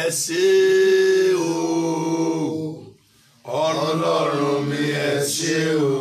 ẹ ṣé o ọ̀rọ̀ Ọlọ́run mi ẹ o.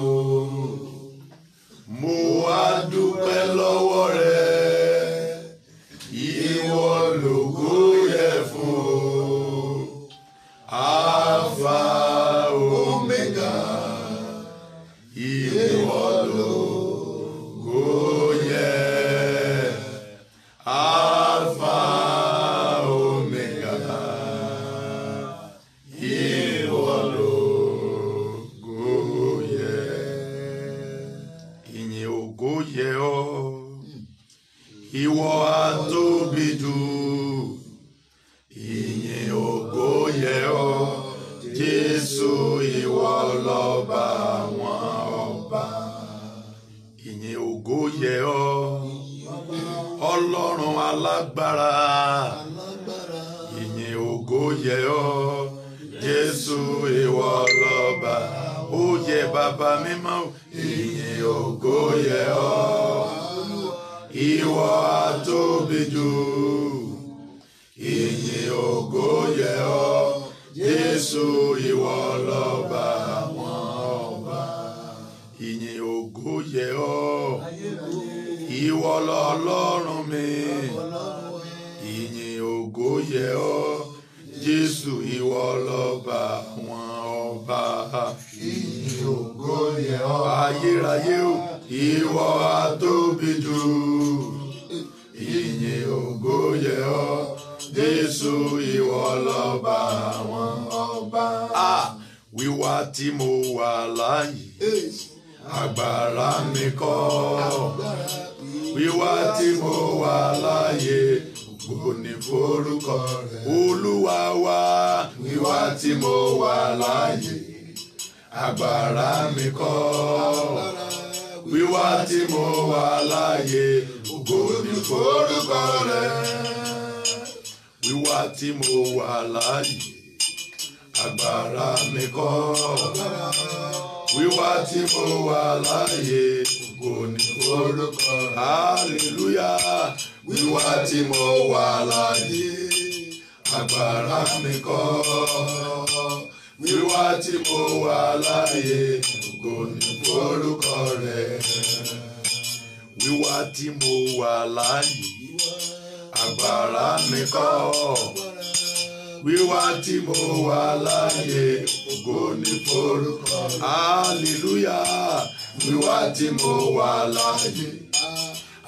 aláàyè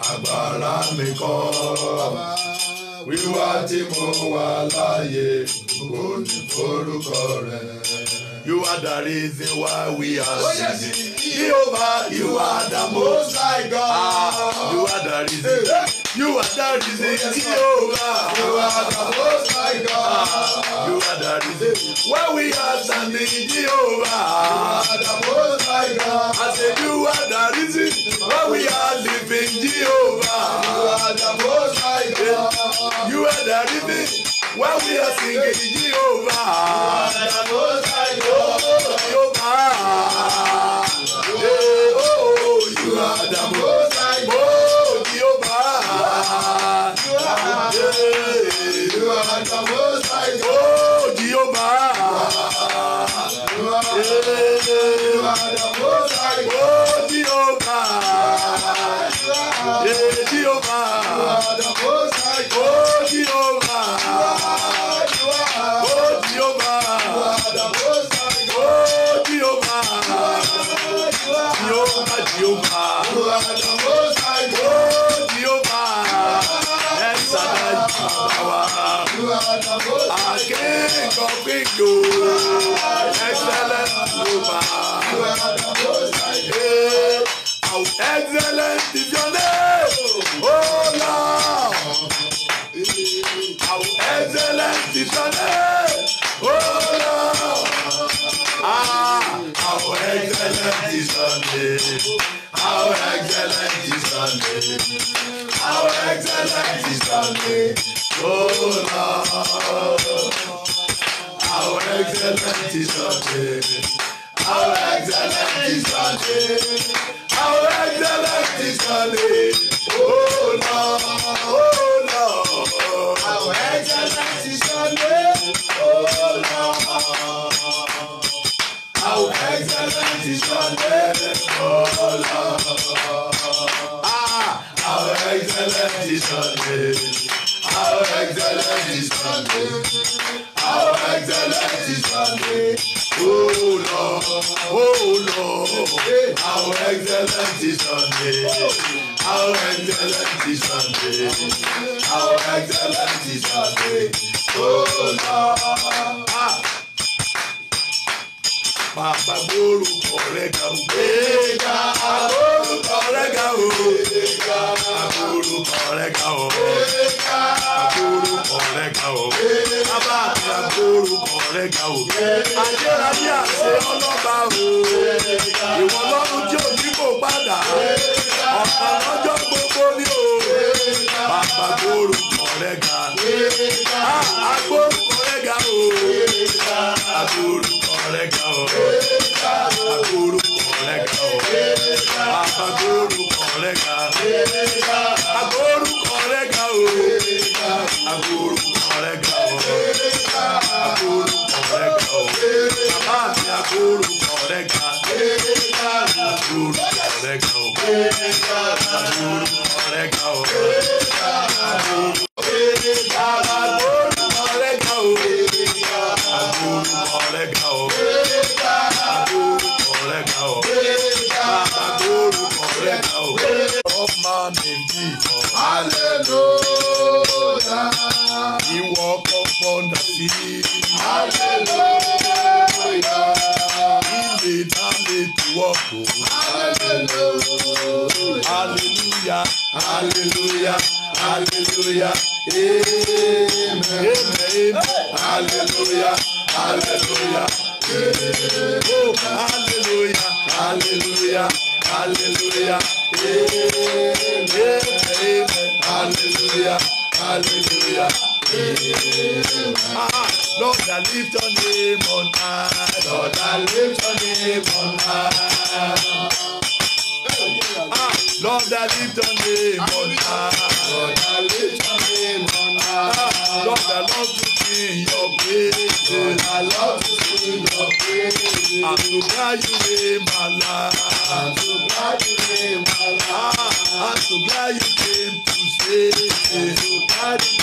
agbára mi kọ́ wíwá tí mo wà láàyè kò ní forúkọ rẹ̀. You are the reason why we are oh, singing. Jehovah, you are the most high God. Ah, you are the reason. Hey. You are the reason Jehovah. You are the most high God. You are the reason why we are standing Jehovah. You are the most high God. I said you are the reason why we are living Jehovah. You are the most high God. You are the reason why we are singing Jehovah. You are the most high God. Jehovah. oh, you are the most Oh, Jehovah. You are, the most Oh, akẹ́kọ̀ọ́gbìndò excellent global our excellent visionaire our oh, excellent visionaire our oh, ah, excellent visionaire. How excellent is the name. excellent is Oh Lord, how excellent is your name. How excellent is your name. How excellent Oh Lord, oh Lord, how excellent is your Oh Lord. How excellent is your oh Lord. Ah, how excellent is Our excellent is your name. How is your Oh Lord, oh Lord. Our excellent is your name. How excellent is your name. How is your Oh Lord. Ah bàbá gbórúkọ rẹ̀ ga o. gbẹ̀gà àgbórúkọ rẹ̀ ga o. gbẹ̀gà àgbórúkọ rẹ̀ ga o. gbẹ̀gà àgbórúkọ rẹ̀ ga o. bàbá àti àgbórúkọ rẹ̀ ga o. àjẹrà bí àṣẹ ọlọ́ba o. ìwọ lọ́run tí ò ní kò padà. ọ̀pọ̀ lọ́jọ́ gbogbo ni o. bàbá gbórúkọ rẹ̀ ga. àgbórúkọ ah, rẹ̀ ga o. àgbórúkọ rẹ̀ ga o. your name on on high. Lord, I lift your on high. Lord, I lift your on high. Lord, love to sing your praise. Lord, I love glad you came to stay. I'm so glad you came to save.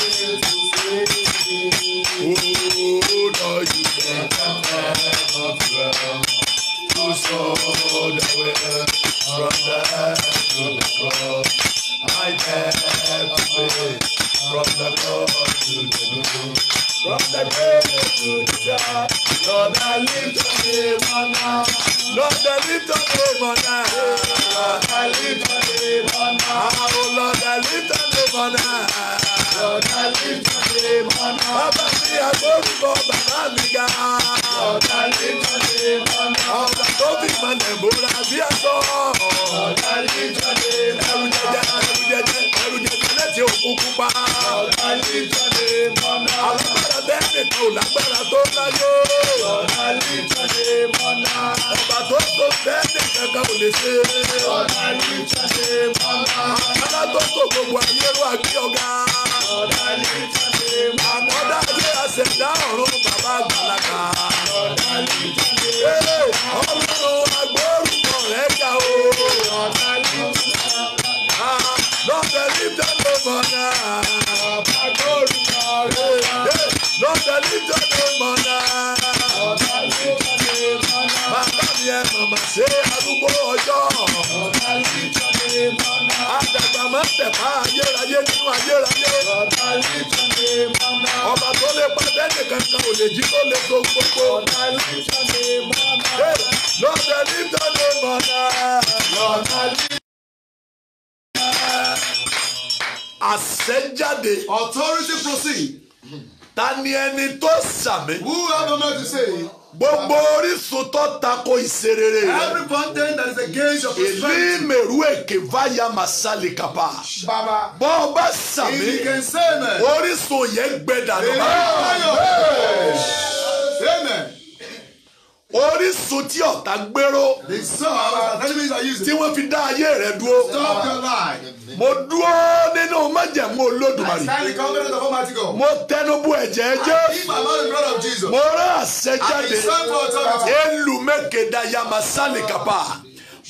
Lord, I lift your name on high. Lord, I lift your name on high. Lord, I Oh, Lord, I lift your name on high. Lord, I lift your name on high. Bàbá mi agbórúkọ bàbá mi ga. Lord, I lift your name on high ò lágbára tó láyé. ọ̀nà níjọ́lé mọ́lá. ọba tó tó bẹ́ẹ̀ ní kankan ò lè ṣe. ọ̀nà níjọ́lé mọ́lá. ọ̀nà tó tó gbogbo ayé ló àgbé ọ̀gá. ọ̀nà níjọ́lé mọ́lá. àkọ́dá ayé àṣẹ̀dá ọ̀run bàbá àgbàlagbà. ọ̀nà níjọ́lé mọ́lá. ọlọ́run agbórúkọ rẹ̀ ga o. ọ̀nà níjọ́lé mọ́lá. lọ́fẹ̀ẹ́ níjọ́lé mọ́lá. ṣe arúgbó ọjọ́. ọ̀gá ní jáde mọ́nà. àdàgbà máa ń tẹ̀pá ayérayé nínú ayérayé. ọ̀gá ní jáde mọ́nà. ọba tó lè pa bẹ́ẹ̀ni kankan ò lè jí tó lè so gbogbo. ọ̀gá ní jáde mọ́nà. lọ́dẹ ní jáde mọ́nà. lọ́dẹ ní. àṣẹjáde. authority proceed. ta ni ẹni tó sàmì. who have I man to say gbogbo orísun tó tako ìserere rẹ. every fountain that is against your prosperity. ìlú mèrú èké vaya masali kapa. baba bọ́ ọ bá sàmì. if orísun yẹn gbẹ dànù. amen orísun tí ọ̀tá gbéró tí wọ́n fi dá ayé rẹ̀ dúró mo dúró nínú májẹ̀mú olódùmarè mo tẹnubú ẹ̀jẹ̀ Jésù mo rán àṣẹ jáde elumekeda masani kapa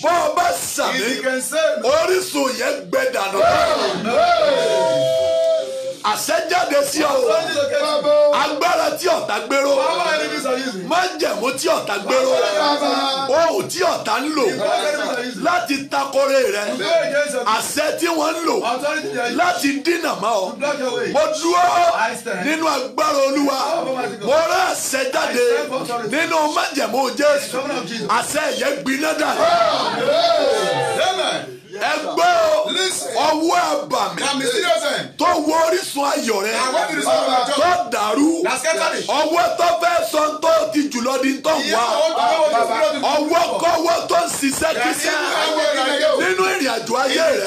bọ́ ọ bá sàmì orísun yẹn gbẹ dànù àṣẹjáde sí ọ agbára tí ọ̀tá gbèrò májẹ̀mú tí ọ̀tá gbèrò ohun tí ọ̀tá ń lò láti takore rẹ àṣẹ tí wọ́n ń lò láti dínà mọ́ ọ mo dúró nínú agbára olúwa mo rán àṣẹ jáde nínú májẹ̀mú jésù àṣẹ yẹn gbiná dà ẹgbẹ́ ọwọ́ ẹ̀bà mi tó wọ orísun ayọ̀ rẹ tó dàrú ọwọ́ tó fẹ́ sọ tó ti jùlọ di tó wá ọwọ́ kọ́wọ́ tó ń ṣiṣẹ́ kíṣẹ́ nínú ìrìn àjò ayé rẹ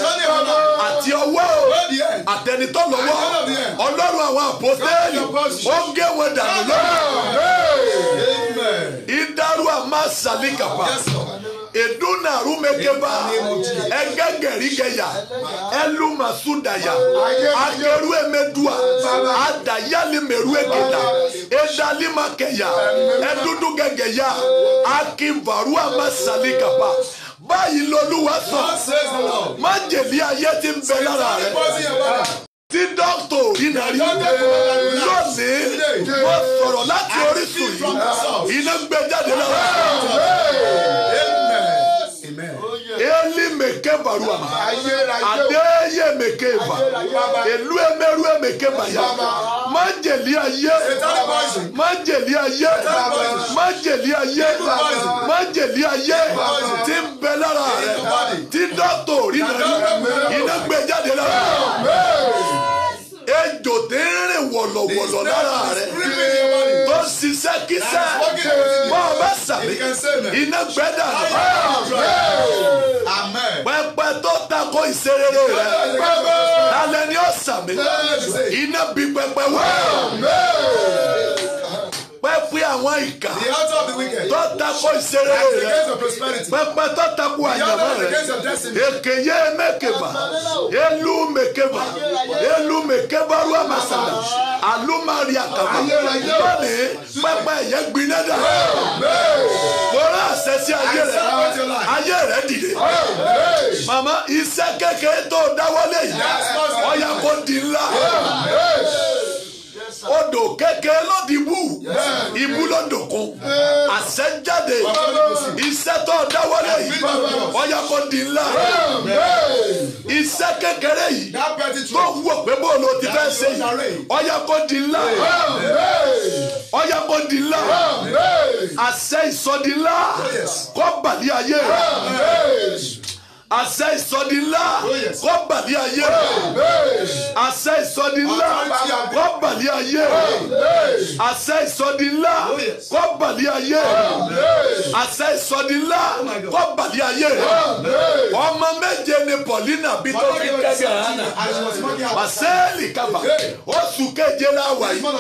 àti ọwọ́ àtẹnitọ́ lọ́wọ́ ọlọ́run àwọn àpótẹ́ẹ̀lì ó ń gé wọn dànù lọ́wọ́ ìdárú àmásàlíkàpá edunarumekeba egegerigeya elumasudaya akeruemedua adayalimeruegeda edalimakeya edudugegeya akivaruamasalikapa báyìí lolúwa sọ má jèlé ayé tí ń bẹ lára rẹ tí dọ́kítọ̀ òrìnà rí lónìí wọ́n sọ̀rọ̀ láti orísun yìí iná gbé jáde lára emekeba ruama ade ye emekeba elu emeru emekeba ya májèlé ayé májèlé ayé májèlé ayé májèlé ayé tí ń bẹ lára rẹ tí dọ́tò rí lẹ́nu iná gbé jáde lára rẹ ejò tí ń rìn wọ̀lọ̀wọ̀lọ̀ lára rẹ tó ṣiṣẹ́ kíṣẹ́ bọ́ọ̀ bá sàmì iná gbẹ́dà rẹ ṣe rere rẹ lálẹ́ ni ó sàmì iná bí pẹpẹ wẹ́ẹ̀ àwọn ìkà tó takò ìṣeré rẹ pẹpẹ tó takò àyàmọ́ rẹ èkèyé mẹkẹba elu mẹkẹba elu mẹkẹba ru àmàsàdà àlùmárì àkàbà lónìí pẹpẹ ẹ̀yẹ gbiná dà wọ́n àṣẹ sí ayé rẹ ayé rẹ dìde màmá iṣẹ́ kékeré tó dáwọ́lé yìí ọ̀yà kò di ńlá odò kékeré ló di wú ibú ló dòkun àṣẹjáde iṣẹ́ tó dáwọ́lé yìí ọyá kò di ńlá iṣẹ́ kékeré yìí tó wúwo pé bó ló ti fẹ́ ṣe yìí ọyá kò di ńlá ọyá kò di ńlá àṣẹ ìsọdi kọ́ bàlí ayé rẹ̀ àṣẹ ìsọdi ńlá oh, kọ́ bàlí ayé oh, àṣẹ ìsọdi ńlá kọ́ bàlí ayé oh, àṣẹ ìsọdi ńlá kọ́ bàlí ayé àṣẹ ìsọdi ńlá kọ́ bàlí ayé ọmọ méje ni Paulina bí tó fi kẹ́gà hànà pàṣẹ́lì kaba oṣù keje la wà yìí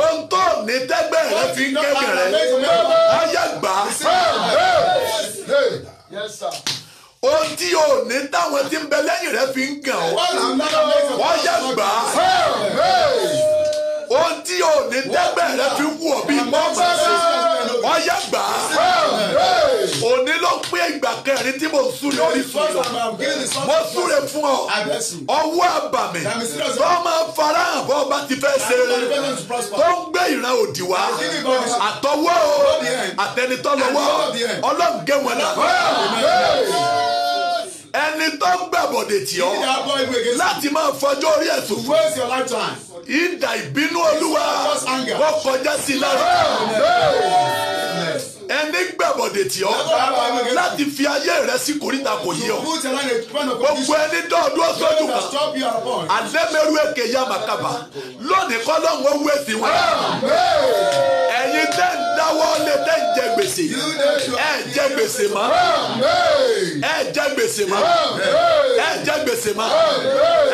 ohun tó ní tẹ́gbẹ́ rẹ fi kẹ́gà rẹ ayé gbà. Yes, sir ohun tí o ní táwọn tí ń bẹ lẹ́yìn rẹ fi ń gàn ọ́ wọ́n yẹ gbà á ohun tí o ní tẹ́gbẹ́ rẹ fi wù ọ́ bí mọ́ọ̀mù wọ́n yẹ gbà á sọ pé ìgbà kẹrin tí mo súre orí súre mo súre fún ọ ọwọ́ àbàmì tó máa fara hàn bọ́ ọba ti fẹ́ ṣe rere tó ń gbé ìran òdì wá àtọwọ́ àtẹnitọ́ lọ́wọ́ wọn náà ẹni tó ń gbàbọ̀dẹ̀ tì ọ́ láti máa fọjọ́ orí ẹ̀sùn fún ìdà ìbínú olúwa wọ́n kọjá sí i lára ẹni gbẹ̀bọ̀dẹ̀ tí ọ láti fi ayé rẹ sí koríta kò yé ọ gbogbo ẹni dọ́ọ̀dún ọ̀sọ́jú kan àdẹ́mẹ́rú èké yamakaba lónìí kọ́lọ́hún owó èsì wọn ẹ̀yin tẹ́ ń dáwọ́ lé tẹ́ ń jẹ gbèsè ẹ̀ jẹ gbèsè mọ́ ẹ̀ jẹ gbèsè mọ́ ẹ̀ jẹ gbèsè mọ́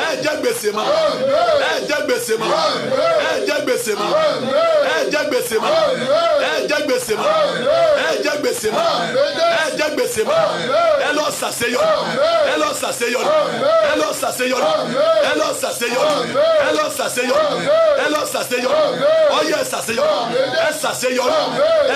ẹ̀ jẹ gbèsè mọ́ ẹ̀ jẹ gbèsè mọ́ ẹ̀ jẹ gbèsè mọ́ ẹ̀ jẹ gbèsè mọ́ ẹ̀ jẹ gbèsè mọ́ ẹ jẹ gbèsè mọ́ ẹ jẹ gbèsè mọ́ ẹ lọ sàṣeyọrí ẹ lọ sàṣeyọrí ẹ lọ sàṣeyọrí ẹ lọ sàṣeyọrí ẹ lọ sàṣeyọrí ẹ lọ sàṣeyọrí ọyẹ sàṣeyọrí ẹ sàṣeyọrí ẹ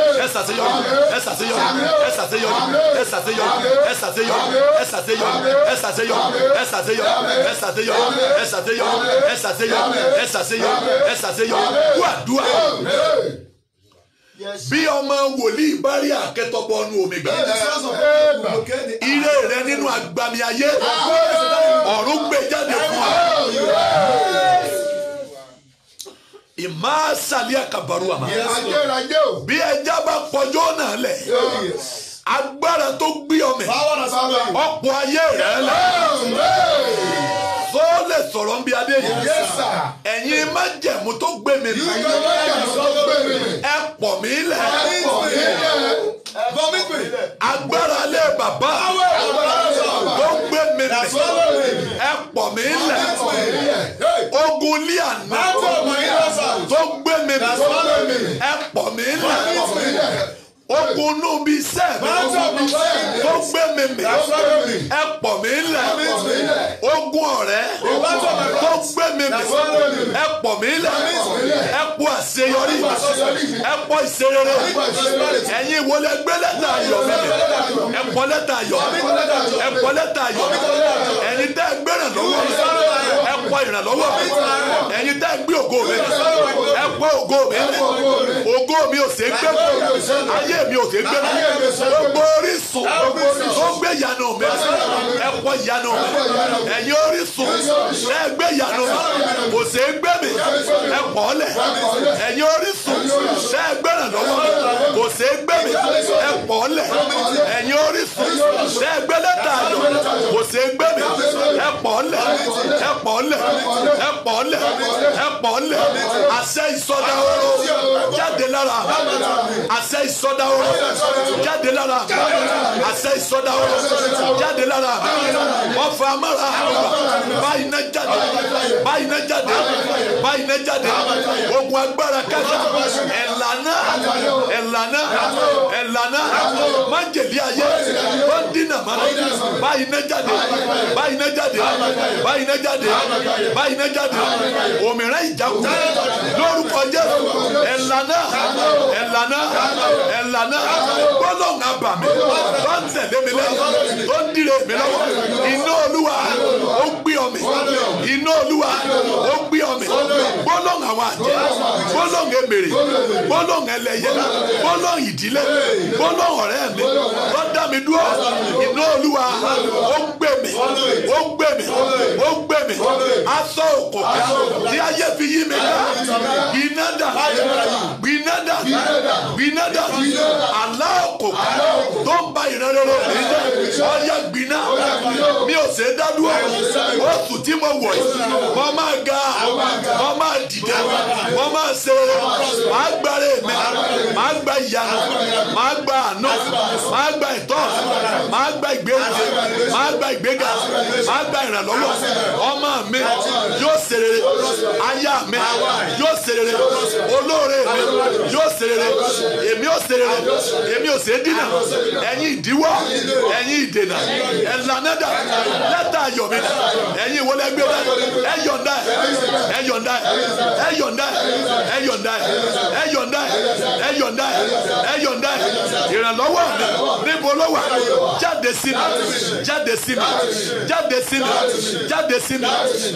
ẹ ṣàṣeyọrí ẹ ṣàṣeyọrí ẹ ṣàṣeyọrí ẹ ṣàṣeyọrí ẹ ṣàṣeyọrí ẹ ṣàṣeyọrí ẹ ṣàṣeyọrí ẹ ṣàṣeyọrí ẹ ṣàṣeyọrí ẹ ṣàṣeyọrí ẹ ṣàṣeyọrí ẹ ṣàṣeyọrí ẹ ṣàṣeyọrí wà dùà bí ọmọ wòlíì bá rí àkẹtọgbọ ọnu omi gbà ire rẹ nínú agbami ayé ọ̀run gbé jáde fún wa ìmáàsàlẹ̀ àkàbàrú àmà bí ẹja bá kọjọ́ náà lẹ̀ agbára tó gbé ọmọ ọ̀pọ̀ ayé rẹ̀ lẹ̀ tó lè sọ̀rọ̀ ń bí adé yìí. ẹ̀yin má jẹ̀mú tó gbé mi. ẹ pọ̀ mí lẹ̀ agbára lé bàbá tó gbé mi nì ẹ pọ̀ mí lẹ̀ ogun lé àná tó gbé mi nì ẹ pọ̀ mí lẹ̀ ogun inú mi sẹ́ mi tó gbé mi mì ẹ pọ̀ mí lẹ̀ ogun ọ̀rẹ́ tó gbé mi mì ẹ pọ̀ mí lẹ̀ ẹ pọ̀ àṣeyọrí ẹ pọ̀ ìṣerere ẹ̀yin ìwo lẹ gbé lẹ́tà ayọ̀ mi mì ẹ pọ̀ lẹ́tà ayọ̀ ẹ pọ̀ lẹ́tà ayọ̀ ẹni tẹ́ ẹ gbé ìrànlọ́wọ́ ẹ pọ̀ ìrànlọ́wọ́ ẹni tẹ́ ẹ gbé ògo mi ẹ ògo mi ògo mi ò ṣe é gbé ayé ayé mi ò sí gbé gbogbo orísun tó gbé yanu mi ẹ̀kọ́ yanu mi ẹ̀yin orísun ẹ̀ gbé yanu mi kò sí gbé mi ẹ̀kọ́ lẹ̀ ẹ̀yin orísun ẹ̀ gbé lọ́wọ́ mi kò sí gbé mi ẹ̀kọ́ lẹ̀ ẹ̀yin orísun ẹ̀ gbé lẹ́tà àjọ kò sí gbé mi ẹ̀kọ́ lẹ̀ ẹ̀kọ́ lẹ̀ ẹ̀kọ́ lẹ̀ ẹ̀kọ́ lẹ̀ àṣẹ ìsọdá jáde lára àṣẹ ìsọdá jáde lára àṣẹ ìsọdá ọ̀rọ̀ jáde lára wọ́n fa amára báyìí náà jáde báyìí náà jáde báyìí náà jáde ogun agbára kájà ẹ̀lànà ẹ̀lànà ẹ̀lànà májèlé ayé wọ́n dínà mára báyìí náà jáde báyìí náà jáde báyìí náà jáde báyìí náà jáde òmìnira ìjà kúrẹ́ lórúkọ Jésù ẹ̀lànà ẹ̀lànà ẹ̀lànà ìgbà náà gbólóhùn abàmì ó ń tẹ̀lé mi lẹ́yìn ó ń dire mi lọ́wọ́ iná olúwa ó ń ọmọ iná olúwa ó gbé ọmọ gbólóhùn àwọn àjẹ́ gbólóhùn èmèrè gbólóhùn ẹlẹ́yẹ gbólóhùn ìdílé gbólóhùn ọ̀rẹ́ mi ó dá mi dúró iná olúwa ó gbé mi ó gbé mi ó gbé mi aṣọ òkùnkà tí ayé fi yí mi ká gbinada gbinada gbinada àlá òkùnkà tó ń ba ìrẹ́rẹ́rẹ́ òkùnkà ọ̀yà gbiná mi ò sè é dá dúró oṣù tí mo wọ̀ yìí mo máa ga mo máa dìda mo máa ṣe máa gba rèémẹ máa gba ìyanu máa gba àánú máa gba ìtọ́ máa gba ìgbéga máa gba ìgbéga máa gba ìrànlọ́wọ́ ọmọ mi yóò ṣe rere aya mi yóò ṣe olóore mi yóò ṣe èmi ò ṣe èmi ò ṣe dínà ẹ̀yin ìdíwọ́ ẹ̀yin ìdènà ẹ̀lànà dà lẹ́tà ayọ̀ mi dà ẹ̀yin ìwọlẹ̀ gbé bẹ́ẹ̀ ẹ yọ̀ǹda ẹ yọ̀ǹda ẹ yọ̀ǹda ẹ yọ̀ǹda ẹ yọ̀ǹda ẹ yọ̀ǹda ẹ yọ̀ǹda ìrànlọ́wọ́ mi níbo ló wà jáde sí mi jáde sí mi jáde sí mi jáde sí mi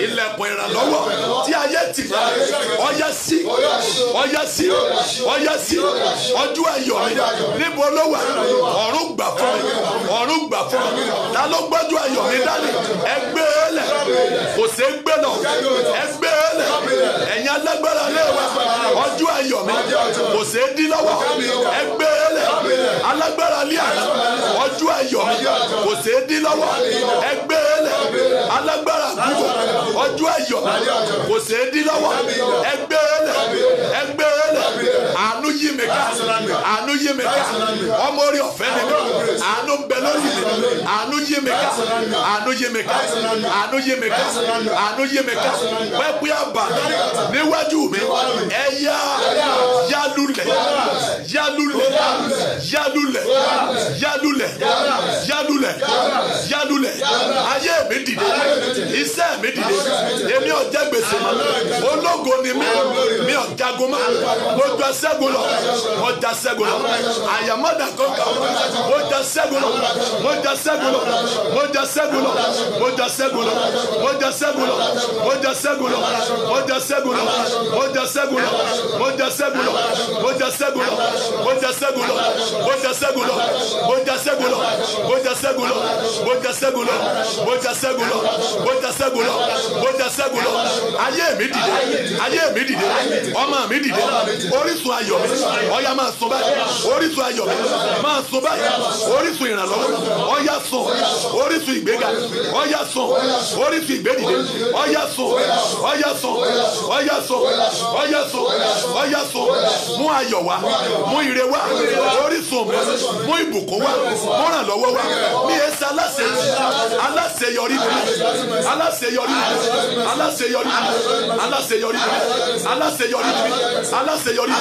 ilẹ̀kùn ìrànlọ́wọ́ tí ayé ti gbà ọ̀yá sí ọ̀yá sí ọ̀yá sí ọjọ́ ayọ̀ mi níbo ló wà ọ̀run gbà fún mi ọ̀run gbà fún mi ta ló gbọ́dọ̀ ayọ̀ mi dání ẹgbẹ́ ẹlẹ́. E kò sí gbé lọ ẹ gbé lẹ ẹ̀yin alágbára lé wa ọjọ́ ayọ̀ mi kò sí dín lọ́wọ́ ẹ gbé lẹ alágbára lé àná ọjọ́ ayọ̀ mi kò sí dín lọ́wọ́ ẹ gbé lẹ alágbára gbúgbọ ọjọ́ ayọ̀ mi kò sí dín lọ́wọ́ ẹ gbé lẹ ẹ gbé lẹ àánú yí mi ká àánú yí mi ká ọmọ orí ọ̀fẹ́ mi àánú bẹ lórí mi àánú yí mi ká àánú yí mi ká àánú yí mi ká yé mi ká àánú yé mi ká pẹ́pẹ́ àbá níwájú mi ẹ yá yálulẹ̀ yálulẹ̀ yálulẹ̀ yálulẹ̀ yálulẹ̀ yálulẹ̀ ayé mi dìde iṣẹ́ mi dìde èmi ò jẹ gbèsè mọ́ ológo ni mi mi ò jagun mọ́ mo jọ ṣẹ́gun lọ mo jà ṣẹ́gun lọ àyàmọ́dà kọ́kọ́ mo jà ṣẹ́gun lọ mo jà ṣẹ́gun lọ mo jà ṣẹ́gun lọ mo jà ṣẹ́gun lọ oúnjẹ ṣẹ́gun lọ oúnjẹ ṣẹ́gun lọ oúnjẹ ṣẹ́gun lọ oúnjẹ ṣẹ́gun lọ oúnjẹ ṣẹ́gun lọ oúnjẹ ṣẹ́gun lọ oúnjẹ ṣẹ́gun lọ oúnjẹ ṣẹ́gun lọ oúnjẹ ṣẹ́gun lọ oúnjẹ ṣẹ́gun lọ oúnjẹ ṣẹ́gun lọ oúnjẹ ṣẹ́gun lọ oúnjẹ ṣẹ́gun lọ oúnjẹ ṣẹ́gun lọ ayé mi dìde ayé mi dìde ọmọ mi dìde orísun ayọ̀ mi ọ̀yà máa sọ báyìí orísun ayọ̀ mi máa sọ báyìí orísun ìrànlọ́wọ́ ọ̀yà sọ orísun ìgbéga ọ̀yà sọ oríṣi ìgbédìde ọyá sùn ọyá sùn ọyá sùn ọyá sùn ọyá sùn mú ayọ̀ wá mú ire wá orísun mú ìbùkún wá mú ràn lọ́wọ́ wá mi ẹ ṣe aláṣẹ aláṣeyọrí mi aláṣeyọrí mi aláṣeyọrí mi aláṣeyọrí mi aláṣeyọrí mi aláṣeyọrí mi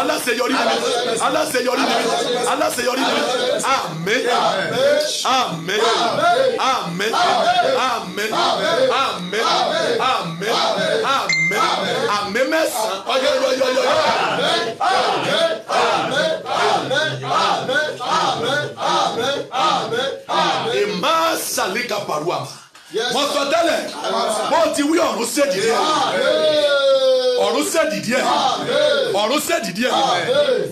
aláṣeyọrí mi aláṣeyọrí mi aláṣeyọrí mi àmín àmín àmín àmín. Amen. Amen. Amen. Amen. Amen. àmín mẹ́sàn-án ọjọ́ yọyọ Amen. Amen. Amen. Amen. Amen. Amen. Amen. Amen. Amen. Amen. ìmọ̀ sàlíkà pàrọ̀ àmà wọ́n sọ tẹ́lẹ̀ bó ti wí ọ̀run ṣèjì rẹ̀ ọ̀run ṣèjì díẹ̀ ọ̀run ṣèjì díẹ̀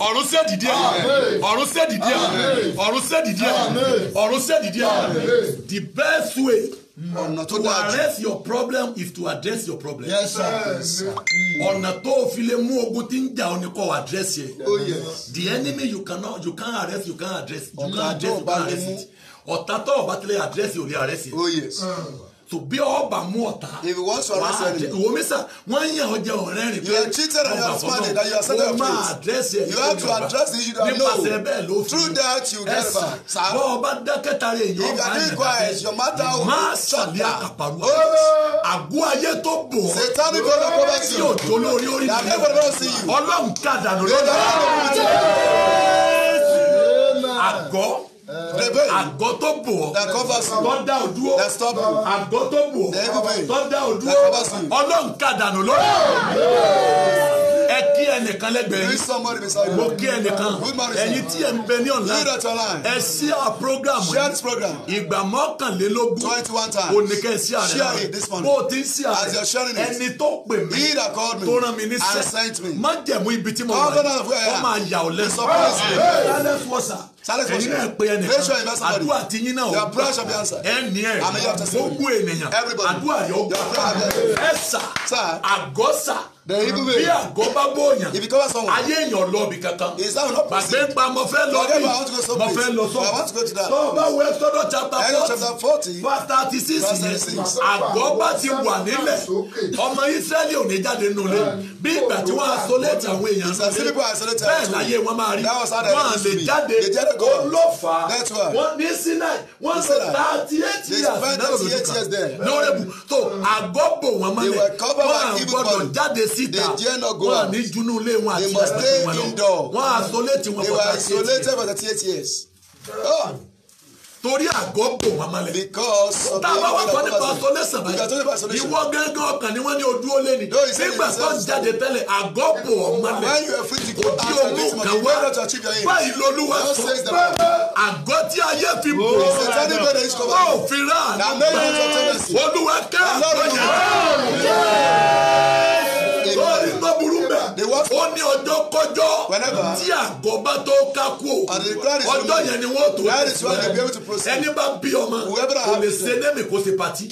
ọ̀run ṣèjì díẹ̀ ọ̀run ṣèjì díẹ̀ ọ̀run ṣèjì díẹ̀ ọ̀run ṣèjì díẹ̀ the best way ọ̀nà tó dáa jù. to address your problem if to address your problem. yes sir. Yes, sir. Mm. ọ̀nà tó o fi lè mú ogun tí ń jà ọ ni kò address yẹ. oh yes. the enemy you cannot you can't arrest you can't address you can't address you can't arrest it. ọ̀tá tó o bá tilẹ̀ address yóò lè arrest yẹ. oh yes. Mm tòbí ọba mú ọ̀tá. if you wan surrender sẹ́ni. ìwọ mi sà wọ́n yàn ọ́ jẹ́ ọ̀rẹ́ rìn. you are cheated on your husband and you are settled free. o address yẹ. you have to address the issue that you know. nípasẹ̀ bẹ́ẹ̀ ló fi. through that you get back. ẹ̀sìn bọ́ ọba dákẹ́tàrí èyí ọba yẹn dákẹ́. your matter will máa ṣàlẹ́ àkàpàrọ̀ àgó ayé tó bò ọ́. sètánì fọlọ́ kọ́lá sí i. yóò tó lórí orí mi. ọlọ́run kàdánù lọ́dọ̀ àgọ́ àgọ́ tó bò ọ́ tó dá o dúró àgọ́ tó bò ọ́ tó dá o dúró ọlọ́run ká dànù lórí ẹ kí ẹnìkan lẹ́gbẹ̀ẹ́ mo kí ẹnìkan ẹ̀yin tí ẹ ń bẹ ní online ẹ sí à program ìgbà mọ́kànlélógún oníkẹ́ sí àrẹ bó o ti ń sí àrẹ ẹni tó pè mí tó rán mi níṣẹ́ má jẹ̀mú ibi tí mo wà yìí wọ́n máa yà ọ́ lẹ́sọ̀ ẹ̀yin náà pe ẹnìkan àdúrà ti yín náà ó gbà ẹni ẹ̀ gbogbo ènìyàn àdúrà yóò gbà ẹ̀ sà àgọ́ sà bí àgọ́ bá bóyàn ayé èèyàn lọ bí kankan gbàgbé pa mo fẹ́ lọ bí mo fẹ́ lọ sọ tó bá wọ ẹsọ́dọ̀ chapter forty verse thirty six yẹn àgọ́ bá ti wà nílẹ̀ ọmọ Ísírẹ́lì ò ní jáde nulẹ̀ bí ìgbà tí wọ́n asolẹ́tì àwọn èèyàn nulẹ̀ bẹ́ẹ̀ láyé wọn máa rí wọn à lè jáde God. Olofa. That's why. Wọ́n ní Sinai. Wọ́n ṣe thirty eight years. They spent thirty eight years there. So àgọ́ bò wọ́n mọ́lẹ̀. They were covered by evil body. jáde síta. They dare not go out. Wọ́n ní junú ilé wọn àti ìyàtọ̀ wọn lọ. They must stay indoor. Wọ́n isolate wọn for thirty eight years. They were isolated for thirty eight years. Oh torí àgọ́ bò wọ́n mọ́lẹ̀. because of the power of the person because of the isolation. ìwọ gángan ọkàn ni wọ́n ní ojú ó lé ní. nígbà tó ń jáde tẹ́lẹ̀ àgọ́ bò wọ́n mọ́lẹ̀. when you are free to go out and meet my people not to achieve your aim. báyìí lolúwa sọ pé àgọ́ tí ayé fi bò wọ́n mọ́lẹ̀ ó fi rà á nígbà olúwa ká àgbọ̀yà. lórí burú bẹ̀ ó ní ọjọ́ kọjọ́ tí àgọ́ bá tó kákó ọjọ́ yẹn ni wọ́n tó ẹni bá bí ọmọ kò lè ṣe nẹ́mì kò ṣe pàtí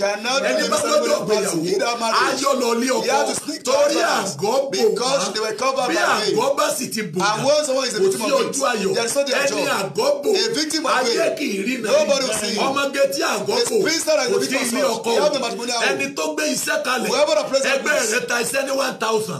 ẹni bá lọ́jọ́ ìgbéyàwó ayọ̀ lọ ní ọkọ torí àgọ́ bò wá bí àgọ́ bá sì ti bò wá kò sí ojú ayọ̀ ẹni àgọ́ bò ayé kì í rí nàní ọmọge tí àgọ́ bò kò sí ilé ọkọ ẹni tó gbé iṣẹ́ kalẹ̀ ẹgbẹ́ rẹ̀ ta iṣẹ́ ní one thousand.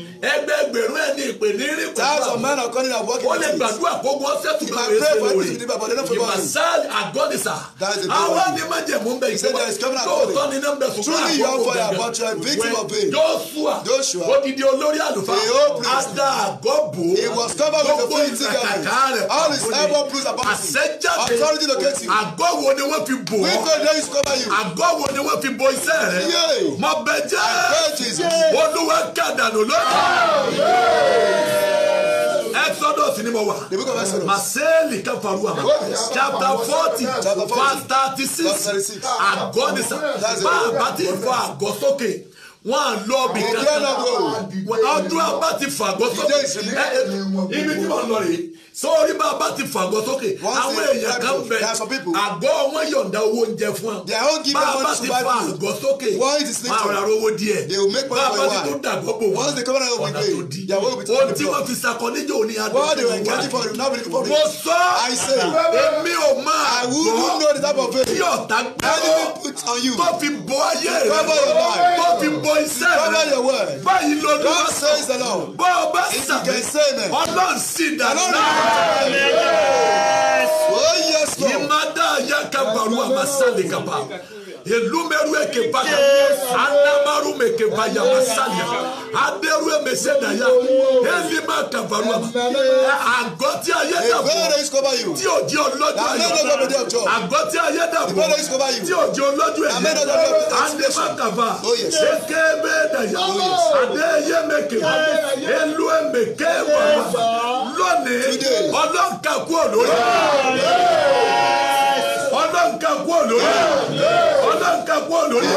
ẹgbẹgbẹ̀rún ẹni ìpè ní rí pẹ̀lú àwọn. thousand men are calling and working with me. ó lè gbàdúrà kó wọ́n sẹ́tù bá wọ́n ṣe lórí. ìmọ̀ sáàlì àgọ́dìsà. àwọn ni má jẹ̀ mú bẹ́ẹ̀ ìjọba lóòótọ́ ni nọ́mbẹ̀ ṣùgbọ́n àkókò gẹ̀gẹ̀. Joshua odidi olórí àlùfáà ada àgọ́bò gbogbo ìtàkàkà rẹ̀ pàbó ni àṣẹjáde àgọ́wò ni wọ́n fi bò ọ́ àgọ́wò ni wọ́n fi bò iṣẹ́ rẹ̀ mọ̀ bẹ́ẹ̀ jẹ́ olúwa kàdánù lórí. Exodus ni mo wà. Maseli Kafaruwa. Chapter forty verse thirty six. Àgọ́ ni sà. Bá a bá ti fọ àgọ́ sókè wọ́n á lọ bí kankan. Ọdún abá ti fọ àgọ́ Ibi tí mo lọ rèé sọ́ọ́rí bá a bá ti fàgọ́ sókè àwọn èèyàn kan bẹ̀ àgọ́ wọn yọ̀ǹda owó oúnjẹ fún wa bá a bá ti fa àgọ́ sókè máa ra owó díẹ̀ bá a bá ti tún dàgbọ́ bò wọ́n ọ̀nà tó di ohun tí wọ́n fi sakọ níjọ́ òní adùn wá mo sọ èmi ò máa gbọ́ tí ọ̀tá gbọ́ tó fi bọ́ ayé rẹ̀ tó fi bọ́ iṣẹ́ rẹ̀ báyìí lọ́dún wá sọ bọ́ ọ bá sàmì ọlọ́run sì dáná yakabarua masali kapa elumeru ekebaya anamaru mekebaya masalia aderu emesedaya elima kabarua àgọ́ tí ayé dàbò tí òjì ọlọ́jọ́ ayọ̀ àgọ́ tí ayé dàbò tí òjì ọlọ́jọ́ ẹ̀yẹ anema kaba ekebe daya adeyemekeba elu emeke wàhálà lónìí ọlọ́run kan kú ọ̀ ọlọ́run kan kú ọ̀ ọlọ́run kan kú ọ̀ lórí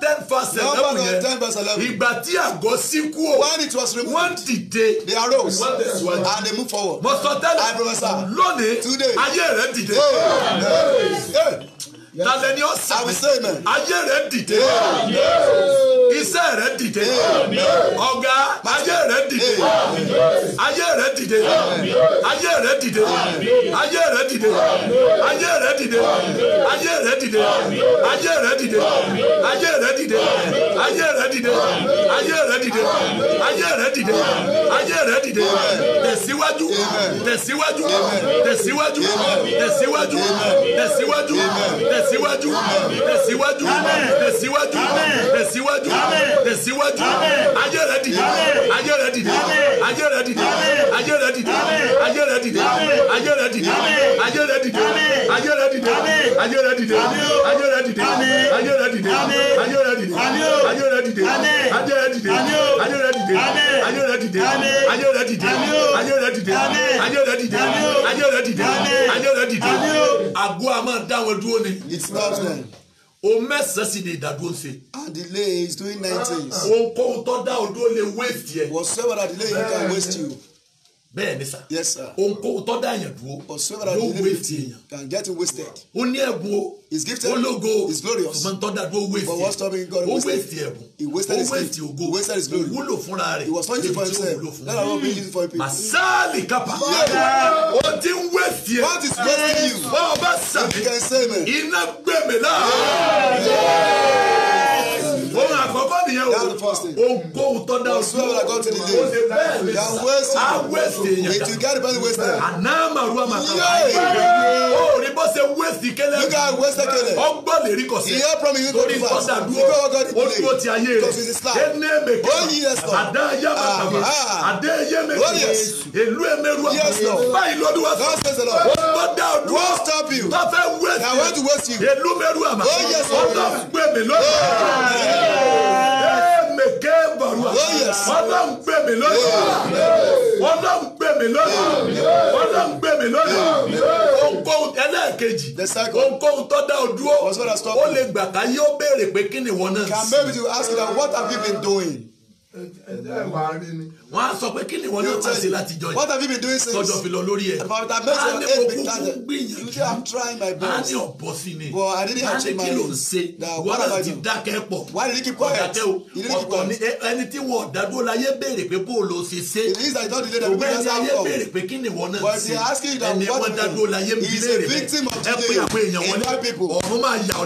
ten verse eleven yẹn ìgbà tí àgọ́ sí kú o wọ́n dìde they arose wọ́n tẹ̀síwájú and they moved forward mo sọ tẹ́lẹ̀ lónìí ayé rẹ̀ dìde. Tàlẹ́ ni ó sàmì. Ayé rẹ̀ dìde. Iṣẹ́ rẹ̀ dìde. Ọ̀gá ayé rẹ̀ dìde. Ayé rẹ̀ dìde. Ayé rẹ̀ dìde. Ayé rẹ̀ dìde. Ayé rẹ̀ dìde. Ayé rẹ̀ dìde. Ayé rẹ̀ dìde. Ayé rẹ̀ dìde. Ayé rẹ̀ dìde. Ayé rẹ̀ dìde. Ayé rẹ̀ dìde. Ayé rẹ̀ dìde. Tẹ̀síwájú. Tẹ̀síwájú. Tẹ̀síwájú. Tẹ̀síwájú. Tẹ̀síwájú. Tẹ̀síwájú tẹ̀síwájú tẹ̀síwájú tẹ̀síwájú tẹ̀síwájú tẹ̀síwájú ayé rẹ dìde ayé rẹ dìde ayé rẹ dìde ayé rẹ dìde ayé rẹ dìde ayé rẹ dìde ayé rẹ dìde ayé rẹ dìde ayé rẹ dìde ayé rẹ dìde ayé rẹ dìde ayé rẹ dìde ayé rẹ dìde ayé rẹ dìde ayé rẹ dìde ayé rẹ dìde ayé rẹ dìde ayé rẹ dìde ayé rẹ dìde ayé rẹ dìde ayé rẹ dìde àgọ́ a máa dá wọn dúró ni. o mẹ́sàn-án sì ni ìdádúró ṣe. a ah, delay is doing nineteen. ohun kóhun tó dá o dúró lè waste yẹ. wọ́n sẹ́wọ́n a delay you can waste you bẹ́ẹ̀ ni sà. yes sir. ohunkóhun tó dá èèyàn dúró. whatsoever that you need to can get it wasted. ó ní ẹ̀bùn o. is gifted. ó lógo. is glorious. ṣùgbọ́n tó dá dúró waste. but what's stopping God wasted. ó waste ẹ̀bùn. he wasted his gift. ó waste ògo. he wasted his glory. wúlò fúnra rẹ̀. he was not used for himself. let alone be used for people. masali kapa. o ti ń waste yẹn. what is wasting you. bá a bá sàmì. you can say amen. iná gbẹ̀mí náà ohun àkọ́kọ́ nìyẹn o ohunkóhun tó dá ojú o lè bẹ́ẹ̀ lè sá a wẹ́sì èèyàn dá anamaru amakawa o rí bó ṣe wẹ́sì kẹlẹ́ ọgbọ́n lè rí kọ̀ sí torí tọ́jà dúró o dúró ti ayé rẹ̀ ẹnẹ́ mẹ́kẹ́ àdá ayé amakawa àdá ayé mẹ́kẹ́ èlú ẹ̀mẹ́rù amakawa báyìí lọ́dún wá sọ ọgbọ́n dá ọdún wọ́n fẹ́ wẹ́sì èlú mẹ́rù amakawa ọgbọ́n gbẹ̀mí lọ́dún mèké bọ̀rùwà ọlọ́run gbé mi lónìí ọlọ́run gbé mi lónìí ọlọ́run gbé mi lónìí ohunkóhun ẹlẹ́ẹ̀kejì ohunkóhun tó dá o dúró ó lè gbà ká yóò béèrè pé kí ni wọ́n náà. can maybe you ask them what have you been doing wọ́n á sọ pé kí ni wọ́n ní ọ̀tá sí láti jọ yìí. what have you been doing since. fi lọ lórí ẹ. about that make sure eight i'm trying my best. a ní ọ̀bọ sí ni. a ní kí ló ń ṣe. na what ti dákẹ́ pọ̀. why did he keep quiet. ọ̀dàkẹ́ o ọ̀tọ̀ ni ẹni tí wọ́n dádúró la béèrè pé bó o lọ ṣe ṣe. it means ni a béèrè pé kí ni wọ́n náà ṣe. but they asking you that what he is ẹ pé àwọn èèyàn wọn ní ọ̀run máa yà ọ́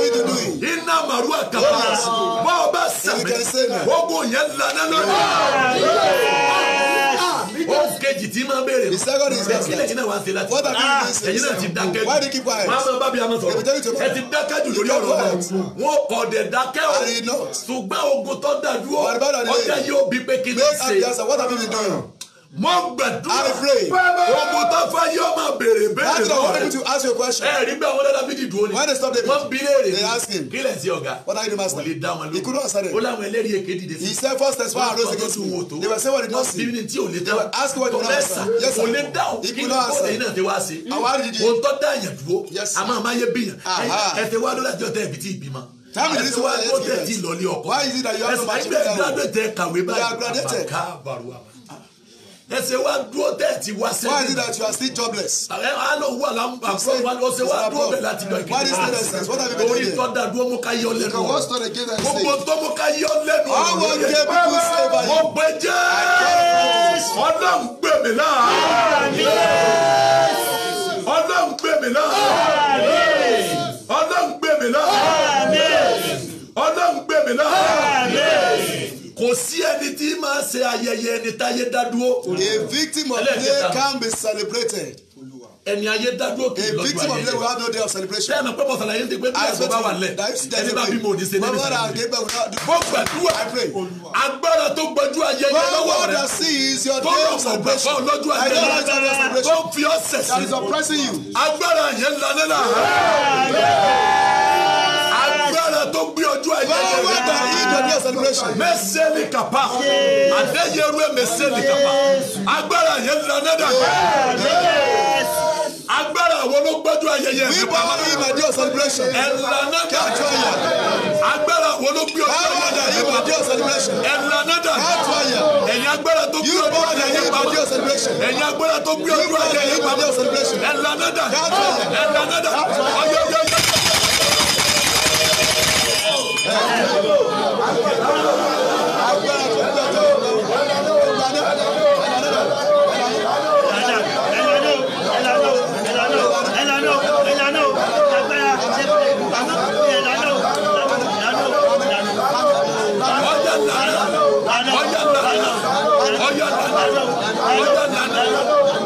me to do it. Iná màrúwà kàpá. Bọ́ ọ bá sàmì. Ogun yẹn lana lórí o kejì tí ma béèrè. the second is best. kílẹ̀ yín náà wá ń ṣe láti. what have you been saying. Ah, ẹ̀yin náà ti dákẹ́ jù. why do you keep quiet. máa ma bá bí a ma sọ̀rọ̀. ẹ ti dákẹ́ jù lórí ọ̀rọ̀ rẹ̀. wọn kò dé dákẹ́ o. ṣùgbọ́n ogun tó dájú o. ọjà yóò bí pé kí ló ṣe. make am just what have you been doing mo gbàdúrà ogun tó fẹ́ yóò máa béèrè béèrè lọ́wọ́ rẹ̀ ẹ̀rí bí àwọn ọlọ́dà bíi dùn ó ní wọ́n bí léèrè kílẹ̀ sí ọ̀gá kò lè dá wọn lóhùn ó láwọn ẹlẹ́rìí èké dìde sí wọn kọ́ tó tún wò tó wọ́n bí ní tí ò lè dá tó lẹ́sà kò lè dá o kí ni bọ́ọ̀lù yìí náà ti wá sí mm-hmm. o tó dá yàn dúró àmọ́ àmọ́ ayé bìyàn ẹ ti wá lọ́dà tí ọ̀tẹ̀ ibi tí ì bímọ tẹ́mi ní sọ́wọ́ ẹ̀ ti lọ́lé ọkọ̀ ẹ̀sìn àyíbẹ̀ gbàdúrà tẹ kàwé báyìí àbàkà àbàrò àbàrò ẹ ṣe wá dúró tẹ́ẹ̀tì wá sẹ́yìn. why is it that you are still jobless. ààrẹ alo wà láǹbà fún wa ó ṣe wá dúró bẹ̀ láti dọ̀ ìkíni. why this kind sense what have you doing orí tọ́da dúró mú ká yọ lẹ́nu. because what's not again that gbogbo tó mú ká yọ lẹ́nu. how will you be able to mo gbẹ jẹ́ ọlọ́run gbé mi náà. ọlọ́run gbé mi náà. ọlọ́run gbé mi náà. ọlọ́run gbé mi náà kò sí ẹni tí máa ṣe ayẹyẹ ẹni táyé dádúró. a victim of play can be celebrated. ẹni ayé dádúró kì í lọ́jọ́ ayẹyẹ. a victim of play will have no day of celebration. bẹ́ẹ̀ ni pé mo ṣàlàyé ní pé bí àgbẹ̀ bá wà lẹ̀ ẹni bá bí mo ò ní ṣe nínú ìṣẹ̀lẹ̀. mo gbàdúrà agbára tó gbọ́jú ayẹyẹ lọ́wọ́ rẹ̀ tó rọ̀ pọ̀ pọ̀ lọ́jọ́ ayẹyẹ tó fi ọ́ sẹ̀sìn agbára yẹn lanẹ́ náà agbára tó gbé ọjọ́ ẹ̀yẹ yẹn rẹ̀ bá ìdọ̀dẹ̀ celebration. mẹ́sẹ̀lì kàpá àdéyẹrúẹ̀ mẹ́sẹ̀lì kàpá agbára yẹn lànà dàgbà agbára àwọn ló gbọ́dọ̀ ayẹyẹ rẹ pa wọn. wíwá ìbàdí ọ̀ celebration. ẹ̀lànà káàtó àyà. agbára àwọn ló gbé ọjọ́ ayẹyẹ rẹ pa wọn. ìbàdí ọ̀ celebration. ẹ̀lànà dà. káàtó àyà. ẹ̀yin agbára tó gbé ọjọ́ ayẹyẹ rẹ pa wọn. ẹ̀yin agbára tó gbé ọjọ́ ayẹyẹ rẹ pa wọn. ẹ̀lànà dà. káàtó àyà. ẹ̀lànà dà. ọyọ yọ yọ. Vaya, vaya,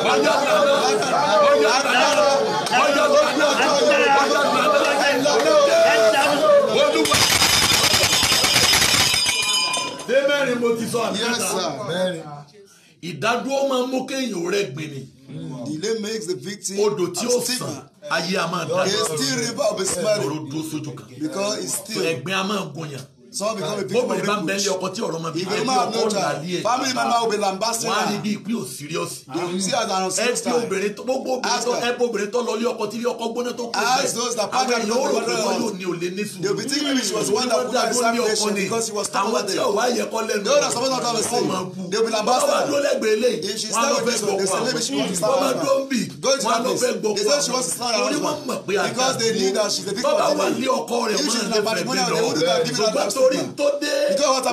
vaya, vaya, mẹ́rin mo ti sọ àbí mẹ́ta ìdádúró máa ń mú kéèyàn rẹ gbìn delay mm. makes the victim odò tí ó sàn ayé a máa dáná. he still river of his marriage because he still ẹ̀gbin a máa gunyan some become a victim of rape culture. bẹ́ẹ̀ ni ma bí i ọkọ family man ma be lambasting na. wọ́n á ní serious. you see as an serious time. ẹ bí ask those that pack and hold on to one they be thinking she was one that put her examination because she was talking about them. àwọn tí ọwọ́ ayẹ kọ́ lẹ́nu. have a say. they be lambasting. wọ́n máa dúró if she start with this one they say maybe she want to start with that. wọ́n máa dúró bì. wọ́n lọ fẹ́ gbọ́ pọ̀ àwọn. because they knew that she's a victim of rape. if she's in a matrimonial they would do that give her that sórí tó dé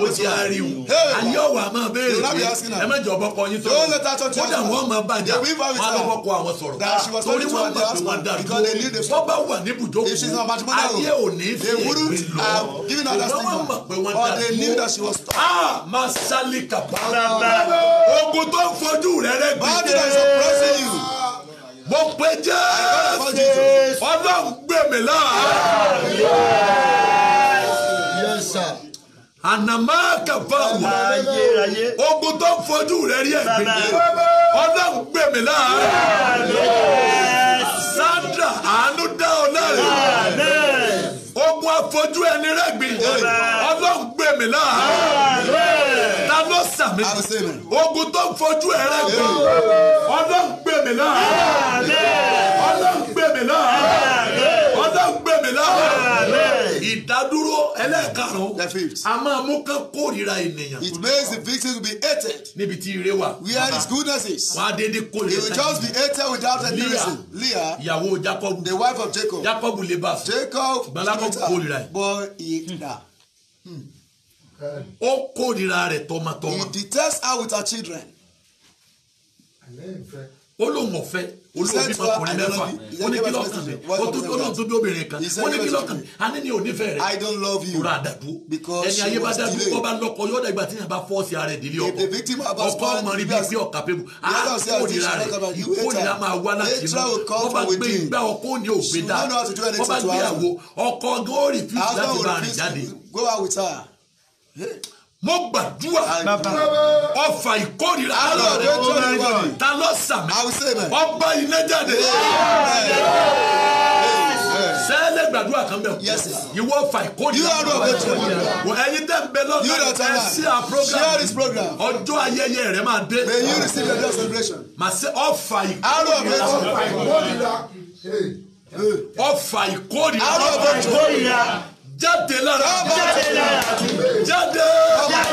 o ti ariwo ayé ọ̀wà máa béèrè pé ẹ má jẹ́ ọ̀bọ kọ yín tó kódà wọ́n máa bàjá wọ́n á lọ́kọ́ kọ àwọn sọ̀rọ̀ torí wọ́n mọ̀ pé wọ́n dàgbò wọ́n bá wà ní ibùdókòó ayé ò ní fi èpè lọ wọ́n mọ̀ pé wọ́n dàgbò máa sálí kàbá ogun tó ń fojú rẹ rẹ gbìyànjú mo pe jẹ́ ọlọ́run gbèmí láàárọ̀ ànàmọ́ kàfáwò ogun tó ń fojú rẹ rí ẹ̀gbìn ọlọ́run gbèmí láàárọ̀ Sandra àánú dá ọ láàárọ̀ ogun afojú ẹni rẹ gbìn ọlọ́run gbèmí láàárọ̀ ta ló sàmì ogun tó ń fojú ẹ rẹ gbìn ọlọ́run gbèmí láàárọ̀ ọlọ́run gbèmí láàárọ̀ ọlọ́run gbèmí láàárọ̀ ìdádúró ẹlẹ́ẹ̀karùn-ún a máa mú kán kórìíra ènìyàn. it makes the victims be hated. níbi tí ire wà. where his goodness is. wọ́n á dédé kórìíra. he will just be hated without any reason. leah ìyàwó jacob. the wife of jacob. jacob le bá fún. jacob balakọ kórìíra ẹ. bọ́ ìdá ó kórìíra rẹ̀ tọmọtọmọ. he detests her with her children. ó lóun ọ̀fẹ́ olóòbí ọkùnrin mẹ́fà ó ní kí lọ́kàn mi ó tún tó lóun tó bí obìnrin kan ó ní kí lọ́kàn mi a ní ní onífẹ́ rẹ̀ kúrò àdàdú ẹni ayé bá dàdú kó bá lọ́kọ yóò dàgbà tí yàrá bá fọ́ọ̀sì ara délé ọkọ ọkọ ọmọ rí bí pé ọ̀kà pébù á kórìíra rẹ̀ ìkórìíra máa wá láti inú wọ́n bá gbé ìgbà ọkọ ní ògbé dá wọ́n bá gbé àwo ọkọ górì mo gbàdúrà ọfà ìkórìíra rẹ ta lọ sàmì ọba ilé jáde sẹ́lẹ̀ gbàdúrà kan bẹ̀ ìwọ fà ìkórìíra wọ ẹyin tẹ́ ń bẹ lọ́dọ̀ ẹ sí a program ọjọ́ ayẹyẹ rẹ máa dé màá sẹ́ ọfà ìkórìíra ọfà ìkórìíra jáde lára mi jáde lára jáde.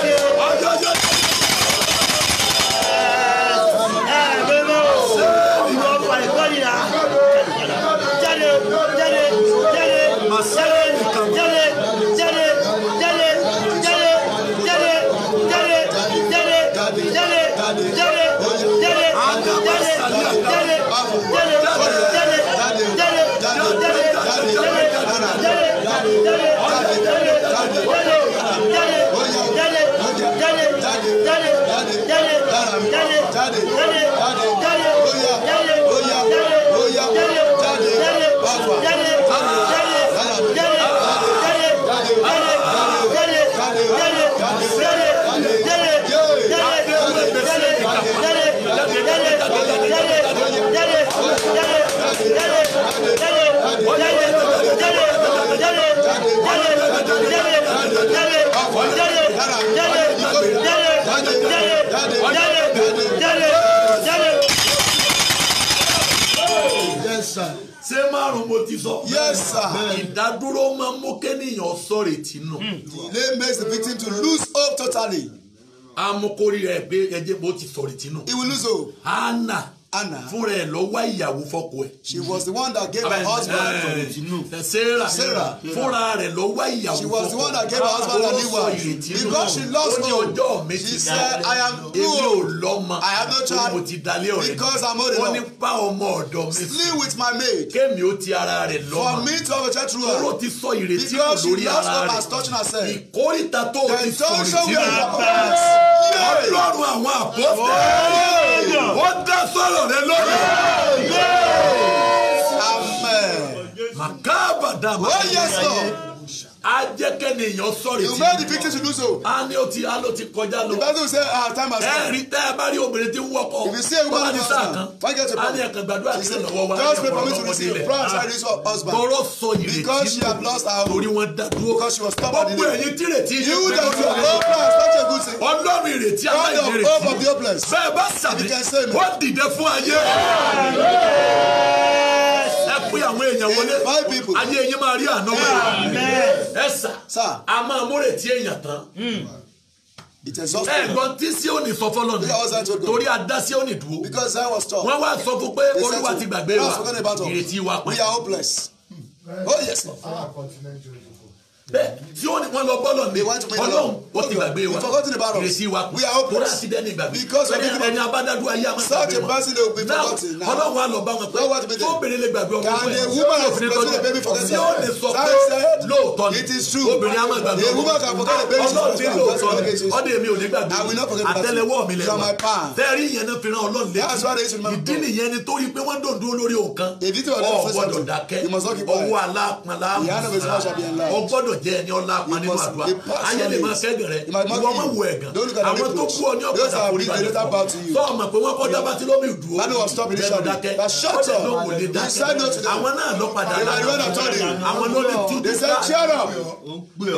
ṣé márùn mo ti sọ. yes sir. ìdádúró máa ń mú kéèyàn sọ̀rètí nù. delay hmm. makes the victim to lose hope totally. amukori rẹ pé ẹjẹ bó ti sọ̀rètí nù. he will lose hope. hannah Anna. fúnra ẹ lọ wá ìyàwó fọkọ ẹ. she was the one that gave her husband. sarah sarah fúnra rẹ lọ wá ìyàwó fọkọ. she was the one that gave her husband and leave because she lost hope. she said i am old. i have no child. because i'm old enough. ó ní bá ọmọ ọ̀dọ̀ mi. sleep with my maid. kémi ó ti ara rẹ̀ lọ́mọ. for me to have a child through her. kúrò ti sọ ìrètí kò lórí ara rẹ̀. because she lost hope as touching herself. ìkórìtà tó ti sọ ìrètí kò lórí ara rẹ̀. ọlọ́run àwọn àpọ́sẹ̀. ó dá sọ̀rọ̀ rẹ lónìí. amen. màkàbàdàbà. ó yẹ sọ a jẹ́ kẹ́ni èèyàn sọ̀rọ̀ ìtì. you made the victim to do so. a ní o ti a ló ti kọjá lọ. the person say ah time has come. ẹ̀rí tẹ́ ẹ bá rí obìnrin tí ń wọkọ̀. if you see a woman who sàn why get a problem. a ní ẹ̀kan gbàdúrà sí ìlọ́wọ́ wa. just pray for me to receive france and his ah, husband. tọrọ sọ ìrètí because she had lost her home. torí wọn dá dúró. because she was stop at the day. gbogbo ẹ̀yin tí ìrètí yìí. you that your own plan such a good thing. ọlọ́run ìrètí aláìrètí. God of hope of the hopeless. bẹ́ẹ̀ bá sàmì wọ́n dìde fún ayé. ẹ pín àwọn èèyàn wọlé ayé yín máa ẹ sà a máa múrètí èèyàn tán hmm. ẹ̀gbọ́n tí sí òní sọ fọlọ ni torí adá sí òní dúró wọ́n wá sọ fún pé olúwa ti gbàgbé wa ìrètí wa pẹ́. Hmm. oh yes bẹ́ẹ̀ tí ó ní wọn lọ bọ́ọ̀lù ní ọlọ́run ó ti gbàgbé wa ìrètí wa kúrò àti dẹ́ni ìgbàgbé ẹni ẹni abádádú ayé àmọ́sàgbé wa náà ọlọ́run wa lọ bá wọn pé tó bèrè lè gbàgbé ọmọ rẹ tó fi tí ó lè sọ pé lóòótọ́ ni obìnrin àmọ́ gbàgbé ọmọ rẹ ọlọ́run ti lóòótọ́ ni ọdẹ mi ò ní gbàgbé àtẹ́lẹwọ́ mi lẹ́nu tẹ́rí ìyẹn náà fi rán ọlọ́run létí ìdí nìyẹn jẹ́ ẹni ọlá apá nínú àdúrà ayé lè máa kẹ́gàn rẹ ìwọ ọmọ wù ẹ̀gàn àwọn tó kú ọ ní ọ̀padà forí balẹ̀ fún tó ọmọ pé wọ́n kọ́ dábàá tí lómi ìdúró lẹ́nu dákẹ́ ọ̀sẹ̀ ló wò lè dákẹ́ àwọn náà lọ padà lánàá àwọn ló lè tú tú ká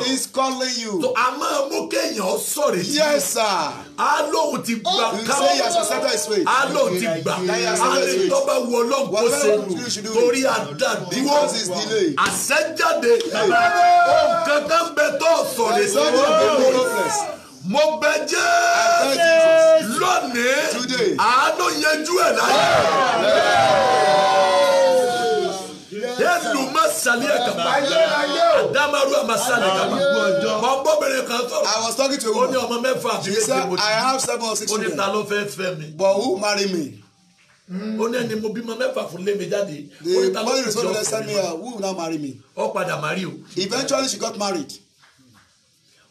He's calling you. So a máa mú kéèyàn sọ̀rọ̀ yìí. Yes sir. Alóhùn ti gbà káwọ́. Say your successor is faith. Alóhùn ti gbà. Alẹ́ tó bá wọ ọlọ́run kó ṣe. Torí àdàdíwọ́. Because it's delay. Àṣẹjáde. Ó nǹkan kan bẹ tó sọ̀rọ̀ sí i mo bẹ jẹ́ lónìí àánú yẹjú ẹ̀ láyé yẹnu ma sali ẹ kama adamaru ama sali kama bọ́n bọ́bìnrin kan sọ̀rọ̀ ó ní ọmọ mẹ́fà àbí méje mo ti ó ní ta mi. but who marry me. Mm. ó ní ẹni mo bímọ mẹ́fà fún lé mi jáde. the boy you so dey me ah who will now marry me. ó padà marry o. eventually she got married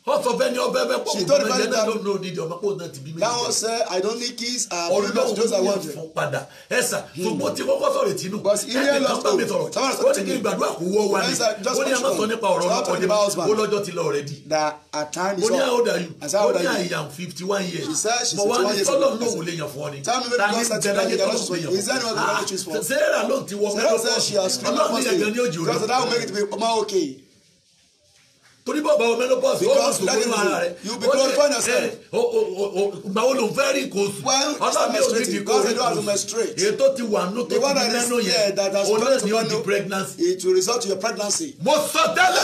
ọsọ fẹ ni ọbẹ bẹ pọ kò mọ ẹjẹ tó ní odidi ọmọ pọ náà ti bí méjì. that one say i don't need kids and babies just i want. fún padà ẹ sà ṣùgbọ́n hmm. tí kọ́kọ́ sọ̀rọ̀ ètí nù ẹnì kan bá mi sọ̀rọ̀ ó ní kí gbàdúrà kó wọ́ wa ni ó ní a máa sọ nípa ọ̀rọ̀ ọlọ́kọ̀ ni ó lọ́jọ́ ti lọ rẹ̀ di. ó ní how old are you ó ní àyà fifty one years mo wá ní sọ́dọ̀ ní òun lè yàn fún ọ ni tani tẹ̀láyé tọ́lọ̀ lè yàn fún ọ. sẹ́ẹ̀rà ah, ló ti wọ torí bọ́ọ̀bá o menopause o mọ̀ sùn nínú ara rẹ eh, o jẹ gbawo very close. fẹ́ rí kóòsù ọlọ́run mi ò ní di kóòsù ètò ti wà nù tó ti nínú yẹn o náà ní o di pregnancy. it will result in your pregnancy. mo sọ tẹ́lẹ̀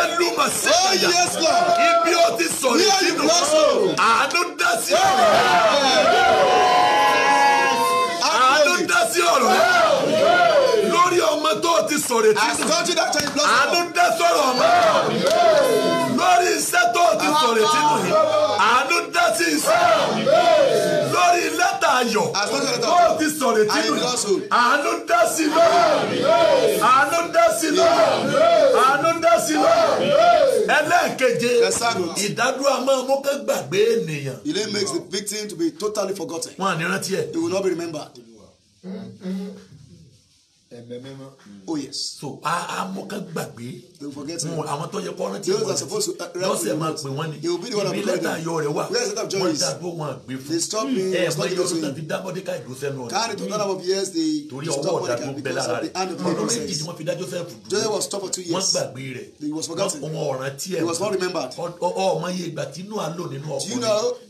elu ma ṣe ìyá ibi o ti sọ̀rọ̀ sínú àánú dá sí ọ̀rọ̀ àánú dá sí ọ̀rọ̀ mo ti sọ̀rọ̀ etí nù. àánú dá sọ̀rọ̀ ọmọ lórí iṣẹ́ tó ti sọ̀rọ̀ etí nù yìí àánú dá sí iṣẹ́ lórí lẹ́tà ayọ̀ tó ti sọ̀rọ̀ etí nù yìí àánú dá sí lórí àánú dá sí lórí àánú dá sí lórí ẹlẹ́ẹ̀keje ìdádúró máa mú ká gbàgbé ènìyàn. delay makes the victim to be totally forgotten. wọn à ní rántí ẹ. he will not be remembered. Mm-hmm ẹ̀bẹ̀ mímọ́. oh yes. so a a mọ ká gbàgbé they will forget him. àwọn tó yẹ kọ́ rántí wọn lọ́sẹ̀ uh, máa pè wọ́n ni ibi lẹ́tà ayọ̀ rẹ̀ wà wọ́n dàgbò wọn gbé fún ẹ̀ mọ iye ọdún tàbí dábọ́déka ìlú sẹ́nu ọ̀nà torí ọwọ́ ọ̀dàgbò bẹ́ẹ̀ lára rẹ̀ ọdún méjì tí wọ́n fi dá Joseph dúró wọ́n gbàgbé rẹ̀ wọ́n ọ̀ràn tí ẹ̀ ọmọ iye ìgbà tí inú àlò nínú ọkùnrin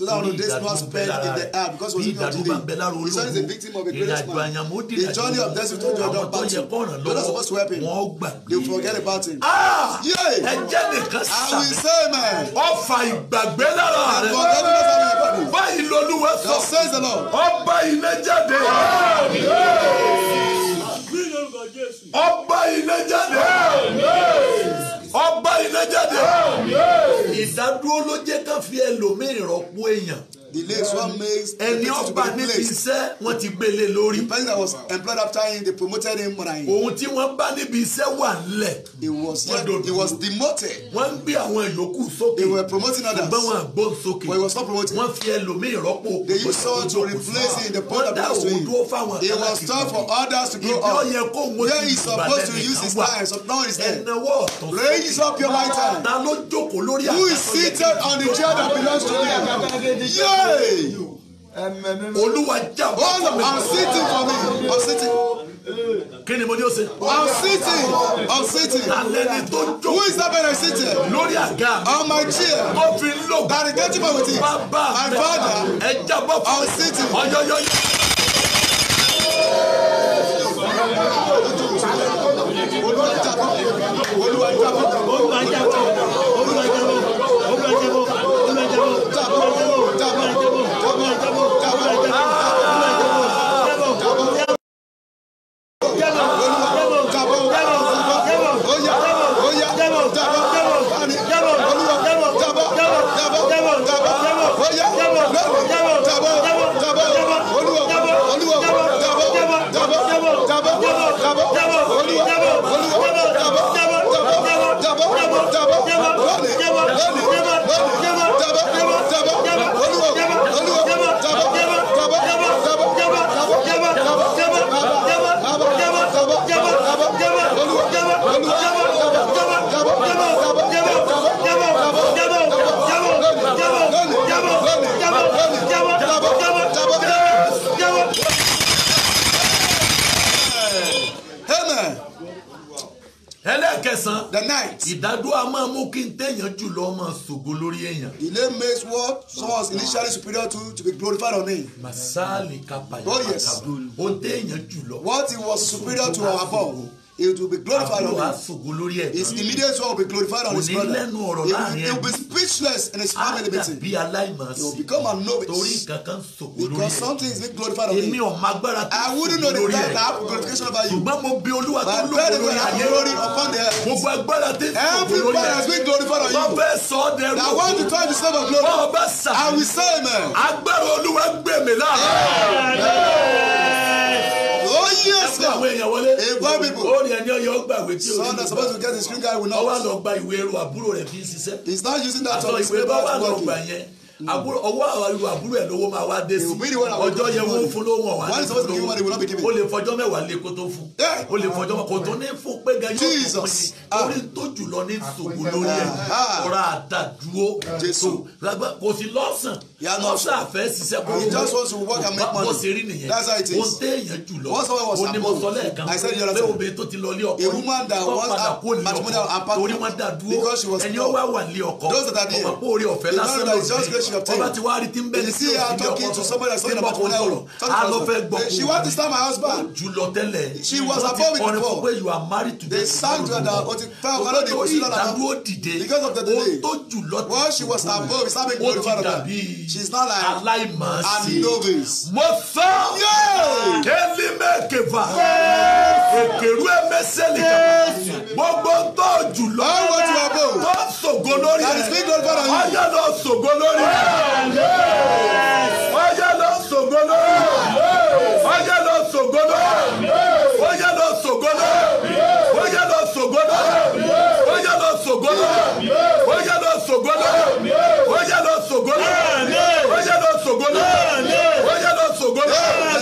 torí ìdàgbò bẹ́ẹ̀ lára rẹ̀ bí ìdàgbò bẹ́ẹ̀ lára olówó ìrìnàjò àyàmó dìrìnàjò àwọn tó yẹ kọ́ ọ̀ràn lọ́wọ́ wọ́n gbàgbé rẹ̀ ẹ̀jẹ̀ nìkan sàmì ọfà ìgbàgbé lára rẹ báyìí lolúwa sọ ọba ilé jáde ọba ilé jáde ọba ilé jáde ìdádúró ló jẹ́ ká fi ẹlòmíràn rọ́pò èèyàn delay so makes. ẹni ọba níbi iṣẹ́ wọ́n ti gbélé lórí. the person that was employed after him they promoted him more than him. ohun tí wọ́n bá níbi iṣẹ́ wà nílẹ̀. he was he was demoted. wọ́n ń gbé àwọn ìyókù sókè. they were promoting others. ṣùgbọ́n wọn àgbọn sókè. but he was not promoted. wọ́n fi ẹlòmíì rọ́pò. they used Saul to replace him the point of place to him. wọ́n dá òun dúró fáwọn akáàkiri. he was told for others to grow up. ibi ọyẹ kó ń ti ìgbàlẹ̀ nìkan wà. where he supposed to use his time so now he's there. ẹnẹwọ́ ọ̀tọ̀ raise up your right hand. who is seated on the chair that belongs to me. yóò olúwa jà bọ́ fún oh, mi. I'm sitting for me I'm sitting. kí ni mo ní o ṣe. I'm sitting I'm sitting. alẹ́ ni tó jó. who is that person sitting. lórí àga. on my chair. tó fi ń lò. that is getting my bàbá my father. ẹ jà bọ́ fún mi. I'm sitting. ọyọyọyọ. Double. the night. ìdádúró a máa mú kí n téèyàn jùlọ máa ṣògo lórí èèyàn. delay makes what someone was initially superior to to be glorified on him. masali kapaya oh yes. o téèyàn jùlọ. what he was superior to or above it will be glorified on him. His immediate soul will be glorified on his brother. He will, he will be speechless in his family meeting. He will become a novice because something is being glorified on him. I wouldn't know the fact that I have glorification over you. But I pray that you have glory upon the earth. Everybody has been glorified on you. Now I want to turn the slave of glory. I will say amen. Amen sí àwọn èèyàn people. ó son that's supposed to get the screen guy. We not. ọwọ́ àlọ́ gba ìwé ẹrù àbúrò rẹ̀ fi ń ṣiṣẹ́. he is not using that to to work in. àtọ̀ ọwọ́ àwàlú àbúrò ẹ̀ lówó máa wá dé sí ọjọ́ yẹn wọ́n fún ló wọ̀n wá ní sọ́dọ̀ o lè fọjọ́ mẹ́wàá lé kó tó fún eh! o lè fọjọ́ kó tó ní fún pé gan yóò fún mi ah! orí tó jùlọ ní sògùn lórí ah! ẹ̀ ọ̀rọ̀ àtàdúró kò sí lọ́sàn lọ́sàn àfẹ́ ṣiṣẹ́ kó ló bó ṣe rí nìyẹn o téèyàn jùlọ o ní mo sọ lẹ́ẹ̀kan pé obìnrin tó ti lọ lé ọkọ kọ́ padà kó lé ọkọ torí wọ́n dá dúró ẹni ó wá wà lé ọkọ ọmọ kó orí ọ̀fẹ́ lásán lórí should obtain. Ọba ti wá rí tí ń bẹ́ẹ̀ ní sí òsì ọkọ tó ń bọ̀ kó sọ̀rọ̀. A lọ fẹ́ gbọ́ kó. She want to start my husband. Ó jùlọ tẹ́lẹ̀. She was above me before. Ọ̀rẹ́ fún pé you are married today. They sang to her that o ti fẹ́ ọ̀kan lóde kò sí lọ́la náà. Ìdádúró dìde. Because of the delay. Ó tó jùlọ tẹ́lẹ̀. Well she was above me sábẹ́ gbòòrò fara náà. Ó ti dàbí She's not like aláìmọ̀ọ́sí. And novice. Mo fẹ́. Kẹ́lí mẹ́kẹ̀fà. Èkèrú ẹ̀mẹ́sẹ̀lì kàmá. Gbogbo tó jùlọ. Báwo ti wà bò? Tó sògo lórí rẹ̀. That is big God father. Ọjọ́ lọ sògo lórí rẹ̀ ọjọ́ ló sògbóná ọjọ́ ló sògbóná ọjọ́ ló sògbóná ọjọ́ ló sògbóná ọjọ́ ló sògbóná ọjọ́ ló sògbóná ọjọ́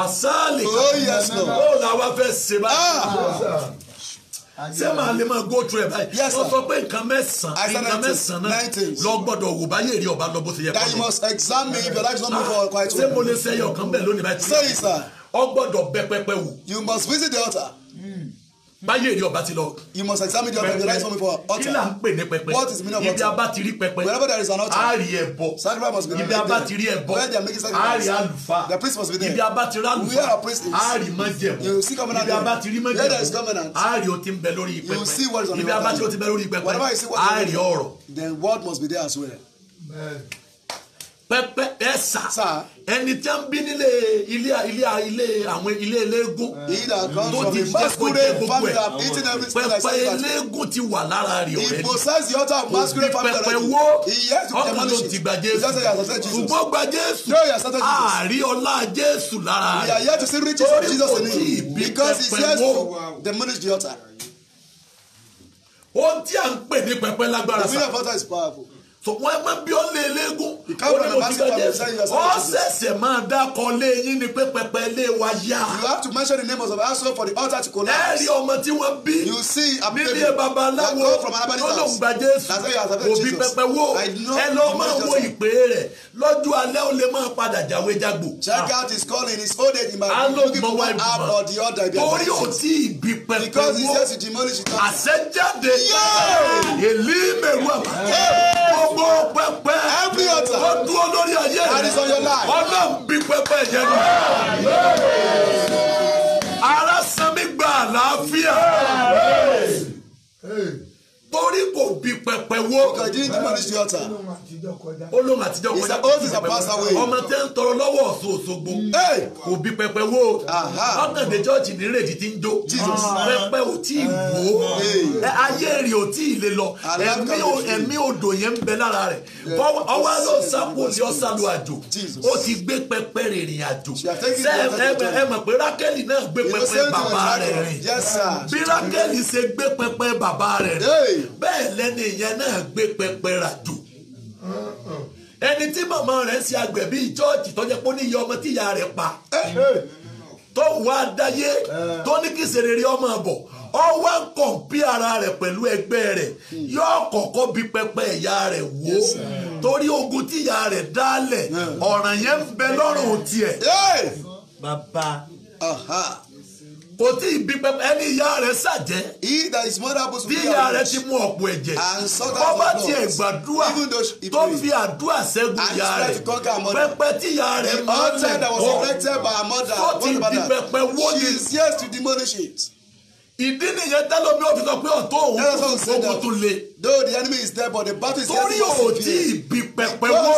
fasali ó làwọn fẹ́ ṣe báyìí ah. ṣé màá lè máa go through ẹ báyìí wọ́n sọ pé nǹkan mẹ́sàn-án nǹkan mẹ́sàn-án náà lọ gbọ́dọ̀ wò báyìí rí ọba lọ bó ṣe yẹ kọ́ lọ. that you must examine if your life is not moving quite well. ṣé mo lè ṣe ẹyọ kan bẹ́ẹ̀ lónìí báyìí. sorry sir. o gbọ́dọ̀ bẹ you must visit the altar báyé èrè ọba ti lọ. you must examine the pẹpẹ rise from before altar. kí là ń pè ní pẹpẹ. what is meaning of ibi abá ti rí pẹpẹ. wherever there is an altar. a rí ẹbọ. sacrifice must be there. ibi abá ti rí ẹbọ. where they are making sacrifice. a rí àlùfáà. the priest must be there. ibi abá ti rí àlùfáà. where our priest is. a rí májẹ̀mú. you see covenant ibi abá ti rí májẹ̀mú. where there is covenant. a rí o ti ń bẹ lórí pẹpẹ. you see what is on the altar. ibi abá ti o ti bẹ lórí pẹpẹ. whatever you see what is on the altar. a rí ọ̀rọ̀. the word must be there as well. Amen pẹpẹ ẹ sà ẹni tí a ń bí nílé ilé ilé ilé àwọn ilé eléégún tó ti jẹ kó jẹ gbogbo ẹ pẹpẹ eléégún ti wà lára rẹ ọrẹ ni kò ní pẹpẹ wo ọkàn ló ti gba jésù ṣùgbọ́n gba jésù àárí ọlá jésù lára rẹ torí kò tí ì bí pẹpẹ wo ohun tí a ń pè ní pẹpẹ lágbára sa so wọn máa bí ọ lé eléégún ó ní mo ti bá dé ọ máa dákọ lé yín ni pé lé wa yá. you have to mention the name of the household for the altar to collapse. ẹ rí ọmọ tí wọ́n bí nílé babaláwo lọ́lọ́hùn gba Jésù òbí pẹpẹ wo ẹ lọ máa wo ìpè rẹ̀ lọ́jọ́ alẹ́ ó lè máa padà jáwé jágbò. check ah. out his calling his old age in my book people wan have or the other be a blessing. ìbí pẹpẹ wo because he says he demolish it. àṣẹjáde èlé mẹ́rù àbájá gbogbo pẹpẹ. every altar. ó dúró lórí ayé rẹ. that is on your life. ọlọ́run bí pẹpẹ yẹn nù. ara sanmi gba àlàáfíà torí kò bí pẹpẹ wo. because he didn't manage the altar. olóhùn àtijọ́ kọjá. his oath is a pass away. ọmọ tẹ́ ń tọrọ lọ́wọ́ Ọ̀ṣun Òṣogbo. Mm. kò bí pẹpẹ wo. ọ̀kàndé chọ́ọ̀chì nírètí ti ń jó. Ah. pẹpẹ ò tí ì wò ó. ayé rẹ̀ ò tí ì lè lọ. ẹ̀mí odò yẹn ń bẹ lára rẹ̀. ọwọ́ ló sápò ní ọ̀sálù àjò. ó ti gbé pẹpẹ rìnrìn àjò. ẹ mọ̀ pé rákẹ́lì náà gbé pẹpẹ bàbá rẹ̀ rìn. bí rákẹ́lì ṣe gbé pẹpẹ bàbá rẹ̀ rìn bẹ́ẹ̀ lẹ́ni ìyẹn náà gbé pẹpẹ ràjò ẹni tí màmá rẹ̀ ń ṣe àgbẹ̀ bíi jọ́ọ̀jì tó jẹ́ pé ó ní iye ọmọ tí ìyá rẹ̀ pa tó wà á dáyé tó ní kí sèrèrè ọmọ bọ̀ ọ wá ń kọ̀ǹpí ara rẹ̀ pẹ̀lú ẹgbẹ́ rẹ̀ yóò kọ́kọ́ bí pẹpẹ ìyá rẹ̀ wò ó torí ogun tí ìyá rẹ̀ dálẹ̀ ọ̀ràn yẹn ń bẹ lọ́rùn tiẹ̀. bàbá kò tí ì bí pẹpẹ ẹni ìyá rẹ̀ ṣàjẹ́. he that is mother happens to be a witch. bí ìyá rẹ̀ ti mú ọ̀pọ̀ ẹ̀jẹ̀. and sort out for blood. ọba tiẹ̀ gbàdúrà tó fi àdúrà ṣẹ́gun ìyá rẹ̀ pẹpẹ tí ìyá rẹ̀ máa ń lẹ̀ bọ́ tó ti di pẹpẹ wọ́ọ̀lì. she is here to demolish it ìdí nìyẹn tẹ́lọ̀ mi ò fi sọ pé ọ̀tọ̀ òun ogun tún le. though the enemy is there but the battle is still there. torí òdì ìbí pẹpẹ wo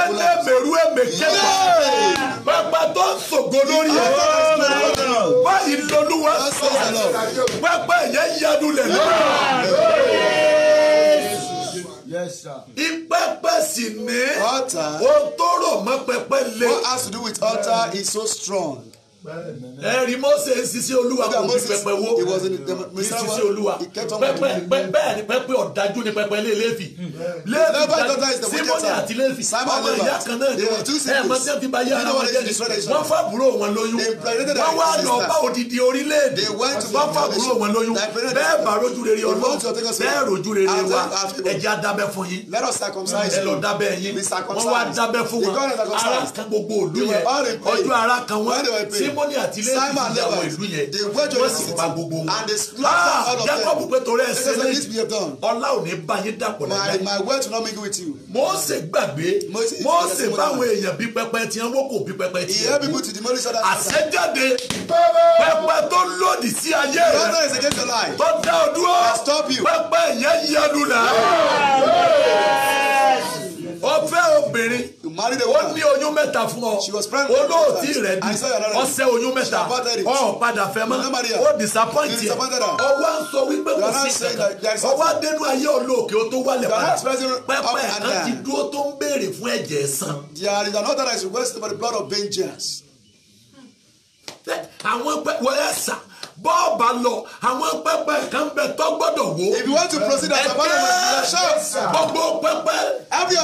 ẹlẹ́mẹ̀rú ẹ̀mẹ̀kẹ́ta pẹpẹ tó ń ṣògo lórí ẹ̀ báyìí lọ́lúwa sọ pápá ìyá ìyanu lẹ̀ lọ́wọ́. Ìpẹ́pẹ́ sì ní. Altar. O tó rọ̀ mọ́ pẹpẹ le. What has to do with altar is so strong ẹ̀rí mose ń sisi olúwa kò ní pẹpẹ wo ní sisi olúwa pẹpẹ bẹ́ẹ̀ ni pẹpẹ ọ̀dájú ni pẹpẹ lé léfì léfì simoni àti léfì ọmọ ìyá kan náà ni wọn ẹ mọ sẹ́ńtì bá yá ara wọn jẹ́ ni wọ́n fàbúrò wọn lóyún wọ́n wá lọ bá odidi orílẹ̀-èdè wọ́n fàbúrò wọn lóyún bẹ́ẹ̀ bá rojú rere ọlọ́run bẹ́ẹ̀ rojú rere wa ẹ̀jẹ̀ adábẹ́ fún yín ẹ lọ dábẹ́ yín wọ́n wá dábẹ́ fún wọn ara kan gbogbo òlú yẹn ọjọ́ ara kan wọn démọ́nì àti lẹ́yìn ìyàwó ìlú yẹn wọ́n sì pa gbogbo wọn. and they slaughtered ah, all of them. jacob pé torí ẹ ṣe lẹ́yìn ọlá ò ní bá yín dàpọ̀ lẹ́yìn. my word to not mingle with you. Mósè gbàgbé Mósè báwọn èèyàn bí pẹpẹ tiẹ̀ wọ́n kò bí pẹpẹ tiẹ̀. people to demolish other people. àṣẹjáde pẹpẹ tó lòdì sí ayé rẹ tó dá ọ dúró pẹpẹ yẹn yanu náà. ó ní oyún mẹ́ta fún ọ. she was pregnant. olóòtí rẹ bí ọsẹ oyún mẹ́ta ọ padà fẹ́ mọ́ ó disappoint yẹ ọwọ́ à ń sọ wípé kò sí kankan ọwọ́ adẹnu ayé olóòkè ó tó wálẹ̀ padà pẹ́pẹ́ ẹ̀ka ti dúró tó ń béèrè fún ẹ̀jẹ̀ san. there is another that is requested for the blood àwọn pẹ́ wọlé ẹ̀sà bọ́ọ̀bà lọ àwọn pẹpẹ kan bẹ tó gbọ́dọ̀ wó. if you want to proceed as a man of God gbogbo pẹpẹ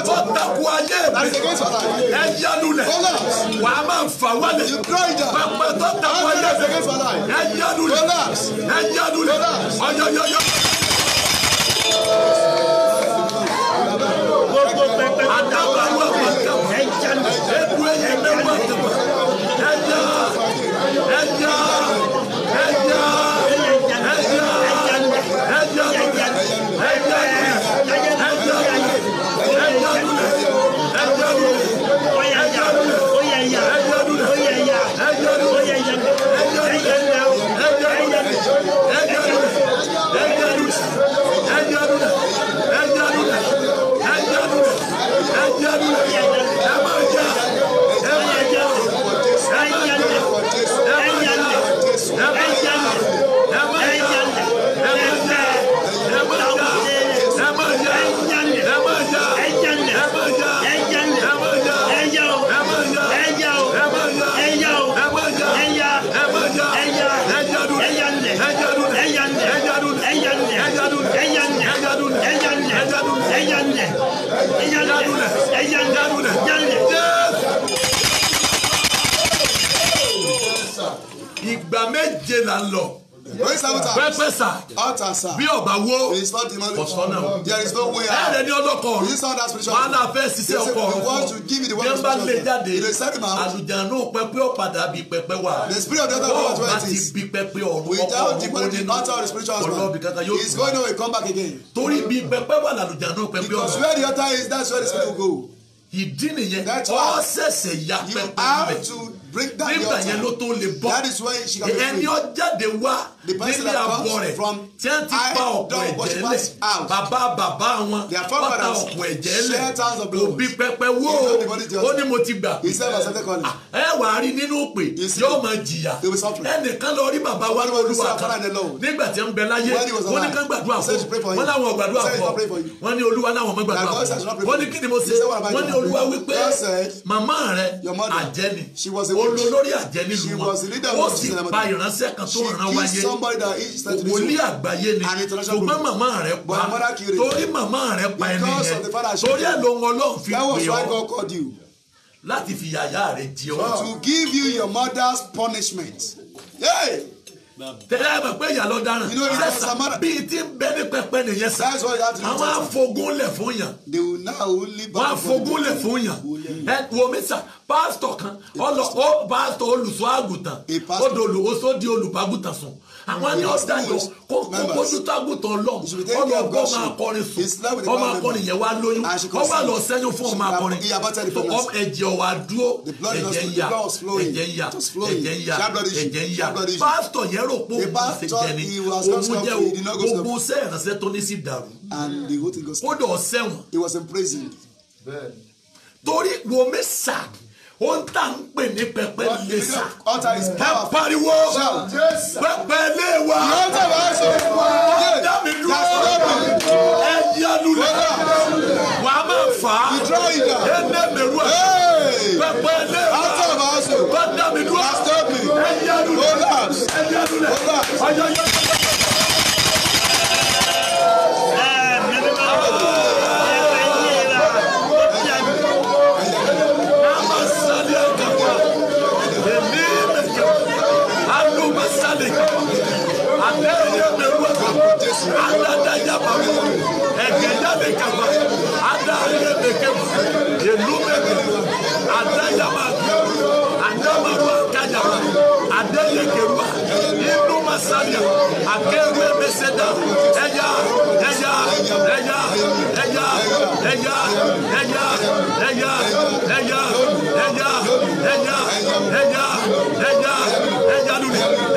tó takò ayé mi ẹ yanu lẹ wà á máa fà wálé pẹpẹ tó takò ayé mi ẹ yanu lẹ ẹ yanu lẹ ọyọyọyọ. landlord. pẹpẹ sa bí ọba wo ọsọnà ẹrẹ ní ọlọkọ wàhálà fẹ ṣiṣẹ́ ọkọ ọkọ lè jáde àlùjánu pẹpẹ ọ̀padà bí pẹpẹ wà wọ́n bá ti bí pẹpẹ ọkọ ọ̀run kankan yóò torí bí pẹpẹ wà làlùjánu pẹpẹ ọ̀run ìdí nìyẹn ọ̀sẹ̀sẹ̀ ya pẹpẹ mẹ́ bring down that is why she can be free. ẹni nílé àbọ̀ rẹ̀ tí wọ́n ti pa ọ̀pọ̀ ẹ̀jẹ̀ lẹ̀ bàbá bàbá wọn wọ́n ta ọ̀pọ̀ ẹ̀jẹ̀ lẹ̀ òbí pẹpẹ wó ó ní mo ti gbà ah, ẹ wà á rí nínú pé yóò máa jìyà ẹnìkan lọ rí bàbá wa lóluwà kan nígbà tí ń bẹ láyé wọ́n ní ká gbàdúrà fún wọn láwọn gbàdúrà fún wọ́n ní olúwa láwọn mọ gbàdúrà fún wọ́n ní kí ni mo ṣe wọ́n ní olúwa wípé màmá rẹ àjẹ́ ni olólórí àjẹ́ nílùú wọn ó sì pa ìránṣẹ́ kan tó ràn wáyé somebody that is thirty days old. wòlíì àgbáyé ni ṣùgbọ́n màmá rẹ pa torí màmá rẹ pa ẹni yẹn torí ẹ̀ ló ń ọlọ́run fi pè ọ́ láti fi yàyà rẹ jẹ ọ. to give you your mother's punishment. Hey, tẹ́lẹ̀ àgbà pé ìyá lọ dáràn sẹ́sà bíi tí ń bẹ ní pẹpẹ nìyẹn sà àwọn afogún fún yàn wọ́n afogún fún yàn ẹ wo mi sà pásítọ̀ kan ọlọ pásítọ̀ olùṣọ́ àgùntàn ó di olùbágùntàn sùn àwọn ní ọ̀dà yìí kó kójú tó àgùntàn ọlọ́run ọmọ ọgbọ́n máa kọrin sùn ọmọ akọrin yẹn wá lóyún wọ́n wà lọ sẹ́yìn fún ọmọ akọrin tó kọ́ ẹ̀jẹ̀ ọ̀wà dúró ẹ̀jẹ̀ ń yà ẹ̀jẹ̀ ń yà ẹ̀jẹ̀ ń yà ẹ̀jẹ̀ ń yà pásítọ̀ yẹn rò pé òun ṣe jẹ ni òun jẹ́ gbogbo sẹ́ẹ̀ránṣẹ́ tó ní sí dàrú kódà ọ̀sẹ̀wọ̀n torí wo mẹ́sàn-án ó ń tà ń pè ní pẹpẹ lẹsà ẹ pariwo pẹpẹ lé wa ó mi dúró ẹ yanu lẹ wà á máa fà á ẹ nẹ mẹrù ẹ pẹpẹ lé wa ó mi dúró ẹ yanu lẹ ẹ yanu masanya akewe meseda eya eya eya eya eya eya eya eya eya eya eya eya eya lule.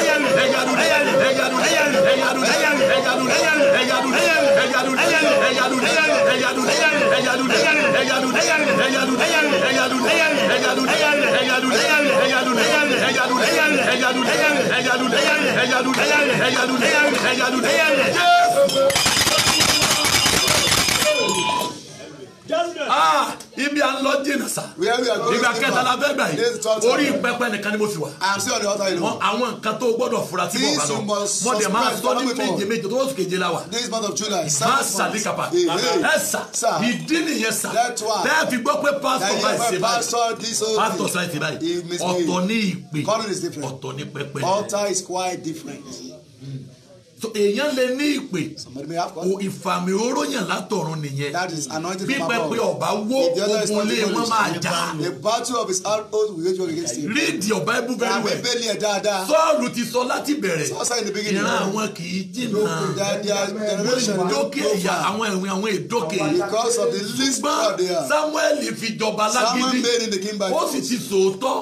Jésù. ah ibi à ń lọ jìnnà sa ìgbà kẹta la bẹ́ẹ̀ gbà yìí orí pẹpẹ nìkan ni mo fi wà àwọn nǹkan tó gbọ́dọ̀ fura tí mo bá lọ mo dẹ̀ máa sọ ní méje méje tó wọ́n sùn kéje la wa máa sà ní kapa ẹ sà ìdí nìyẹn sà bẹ́ẹ̀ fi gbọ́ pé pásítọ̀ báyìí ṣe báyìí pásítọ̀ sáyẹ̀ ṣe báyìí ọ̀tọ̀ ní ìpè ọ̀tọ̀ ní pẹpẹ. altar is quite different so èèyàn lè ní ìpè ìfàmì oró yàn látọ̀run nìyẹn pípẹ́ pé ọba wó ogun lé wọn máa jà read your bible very well sọ́ọ̀lù ti sọ láti bẹ̀rẹ̀ ìran àwọn kì í jìnnà dókè ẹ̀yà àwọn ẹ̀wìn àwọn èdókè ṣùgbọ́n samuel fi jọba lágídí ó sì ti sòótọ́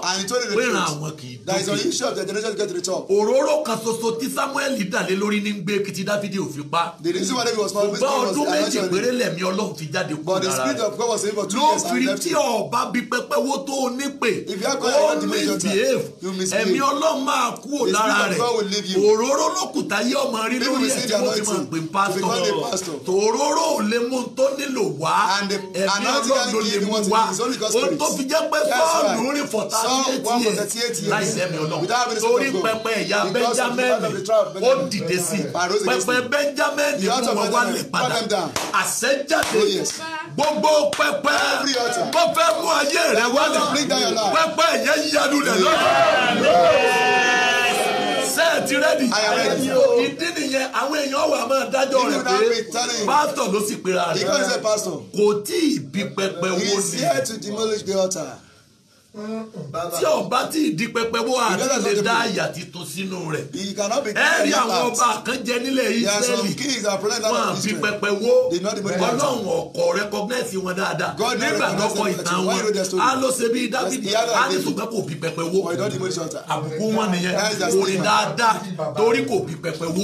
pé ìran àwọn kì í there is an issue of the generation to get to the top. òróró kan ṣoṣo tí samuel dà lé lórí ní gbé kìtì dáfídì ò pa. the reason why david was not visible was the election. ọba ọdún méjì péré lẹ̀mí ọlọ́run fi jáde kúrò lára rẹ̀. but the spirit of God was in for two years and left him. lófin tí ọba bí pẹpẹ wo tó o ní pè ó misbehave ẹ̀mí ọlọ́run máa kúrò lára rẹ̀ òróró lókùtà yé ọmọ rí lórí ẹ̀ tí wọ́n fi máa pè pásítọ̀ tòróró ò lè mú tó nílò wá ẹ̀mí ọlọ́run ló lè mú wá ó sẹ́mi ọlọ́run torí pẹpẹ ẹ̀yà bẹ́ńjámẹ́nì ó dìde sí pẹpẹ bẹ́ńjámẹ́nì mú wọn wálẹ̀ padà àṣẹjáde oh, gbogbo pẹpẹ bó fẹ́ mú ayé rẹ wálẹ̀ pẹpẹ ẹ̀yẹ yanu rẹ lọ́wọ́ sẹ́ẹ̀ ti rẹ́dì. ìdí nìyẹn àwọn èèyàn wà máa dájọ́ rẹ̀ pé pásítọ̀ ló sì pera rẹ̀. kò tí ì bí pẹpẹ wo ni. he is here to demolish the altar tí ọba tí ìdí pẹpẹ wọ àti lè dá àyà titun sínú rẹ̀ ẹ àwọn ọba kan jẹ nílẹ̀ wọn àfi pẹpẹ wọ Ọlọ́run ọkọ rẹkọgnẹsì wọn dáadáa nígbà tó ìtàn wọn a ló ṣe bí Dáfídì a kò bí pẹpẹ wọ àbùkù wọn nìyẹn orin dáadáa torí kò bí pẹpẹ wọ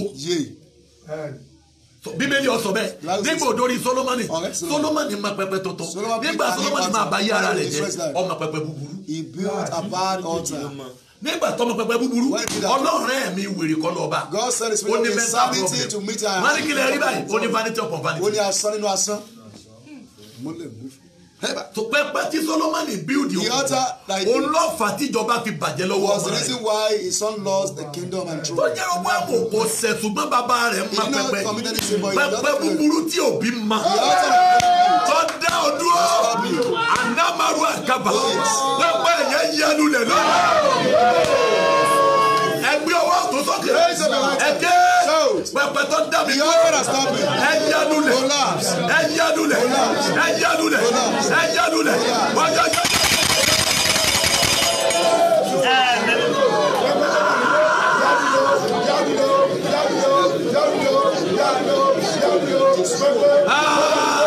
bíbélì ọsọ bẹ́ẹ̀ nígbà odori solomoni oh, solomoni ma pẹpẹ tọtọ nígbà solomoni ma bayé ara rẹ̀ jẹ́ ọmọ pẹpẹ búburú. he built a bad ah, altar nígbà tọmọ pẹpẹ búburú ọlọ́run ẹ̀ mi wèrè kọ́ lọ́ba ó ní mental problem wọ́n ní kílẹ̀ rí báyìí ó ní vanity upon vanity. ó ní asán nínú asán. Hmm tó pẹ́pẹ́ tí Solomoni build the altar like òun lọ fà tíjọba fi bàjẹ́ lọ́wọ́ ọmọ rẹ̀. was the reason why his son lost the kingdom and throne. tó jẹ́ ọmọ àmọ̀ kò sẹ̀ ṣùgbọ́n bàbá rẹ̀ ń ma pẹpẹ pẹpẹ búburú tí òbí ma tó dá ọ dúró anamaru àkàbà pẹpẹ yẹn yanu lẹ̀ lọ́wọ́ ẹgbẹ́ ọwọ́ tó sókè ẹgbẹ́ pẹpẹ tó dà mí kúrò ẹ̀yánulẹ̀ ẹ̀yánulẹ̀ ẹ̀yánulẹ̀ ẹ̀yánulẹ̀ wájú ẹ̀yánulẹ̀. Ah!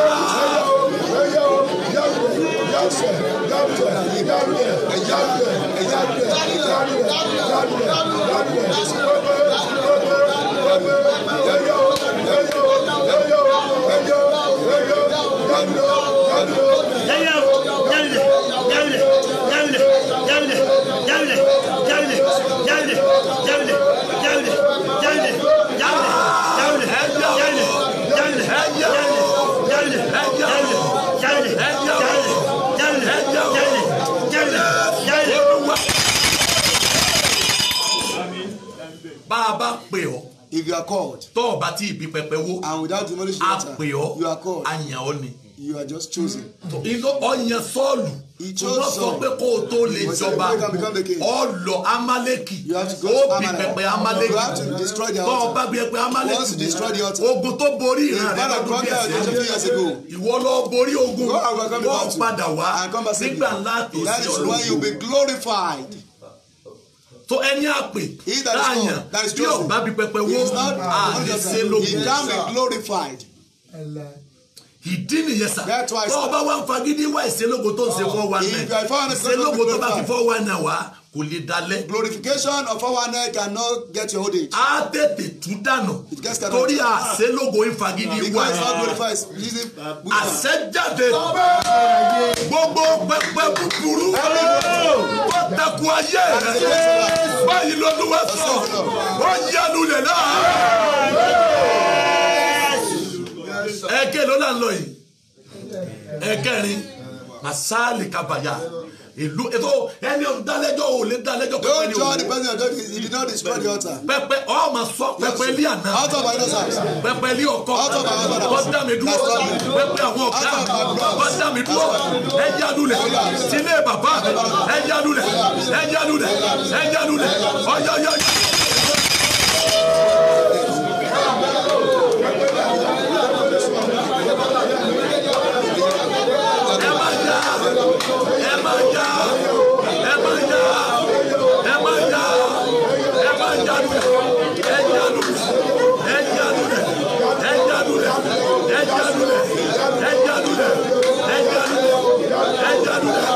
tí ìbí pẹpẹ wó àpè ọ́ àyàn ọ́ ni. You are just chosen. Inú ọyàn sọ́ọ̀lù. Ìjọba sọ pé kó o tó lè jọba ọ lọ Amaleki ó bí pẹpẹ Amaleki bọ́ ọ bá bí pẹpẹ Amaleki ogun tó borí ìran rẹ̀ lọ́dún bí ẹsẹ̀ ìwọ lọ borí ogun wọ́n padà wá nígbà ńlá tó sí ọlọ́run so ẹni àpè láàyàn bí ọba bí pẹpẹ wo àdèsè lógun. Ìdí nìyẹn sà. Bọ́ọ̀ bá wá ń fagídí wá ìṣelógo tó ń ṣe fọ́ wa náà. Ìṣelógo tó bá fi fọ́ wa náà wá kò lè dalẹ̀. glorification of our neck cannot get your old age. a tètè tún dànù. it gets cannot. torí àṣẹ lógo ìfagídí wa. because God glorifies reason. àṣẹ jáde. gbogbo pẹpẹ búburú. tó takun ayé rẹ. báyìí lọ́dúnwá sọ. ó yanu lè náà. ẹ̀kẹ́ ló là ń lọ yìí. ẹ̀kẹ́rin àṣà lè kábàyà ìlú ètò ẹni ọ̀dálẹ́jọ́ ò lè dálẹ́jọ́ pẹpẹ ni o. don't join the person that he did not destroy altar. pẹpẹ ọ ma sọ pẹpẹ lé àná. out of my house. pẹpẹ lé ọkọ. out of my house. kọjá mi dúró pẹpẹ àwọn ọ̀gá kọjá mi dúró ẹjá lulẹ̀ sílé bàbá ẹjá lulẹ̀ ẹjá lulẹ̀ ẹjá lulẹ̀ ọyọyọ.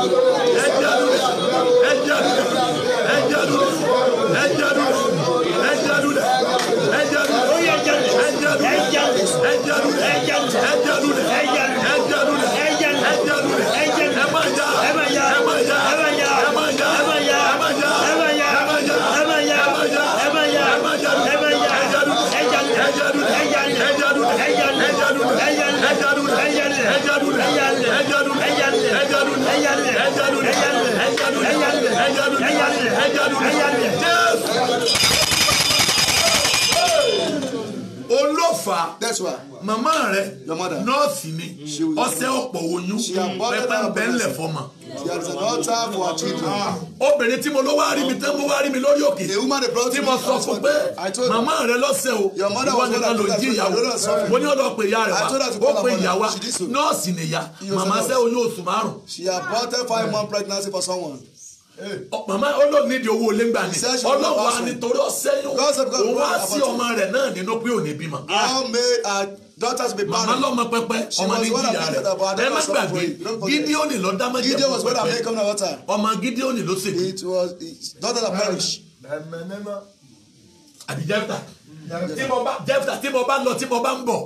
Thank you. olófà màmá rẹ nọ́ọ̀sì ni ọ̀sẹ̀ ọ̀pọ̀ oyún pẹpẹ ń bẹ ńlẹ̀ fọmọ. There is an altar for our children. Ah, obìnrin tí mo lọ wá rí mi tán mo wá rí mi lórí òkè. The woman they brought me. Tí mo sọ fún pé màmá rẹ lọ́sẹ̀ o. Your mother was one of those that were suffering. Mo ní ọ̀dọ̀ pé ìyá rẹ̀ wá. Ó pe ìyá wa. Nọ́ọ̀sì nìyá. Màmá sẹ́ oyún oṣù márùn-ún. She aborted five month pregnancy for someone màmá olóòní di owó olé gbani ọlọ́wọ́ a nítorí ọ̀sẹ́ yóò òun wá sí ọmọ rẹ̀ náà nínú pé òní bímọ ah, ah, ah, daughters be barren. Màmá lọ́mọ pẹpẹ, ọmọ ní jìyà rẹ̀. Ẹ má gbàgbé, Gideon ló dá mẹ́jẹ̀ mọ́ pẹpẹ. Ọmọ Gideon ló sè. It was daughter that perish. Àbí Jẹ́fta. Jẹ́fta tí mo bá lọ tí mo bá ń bọ̀,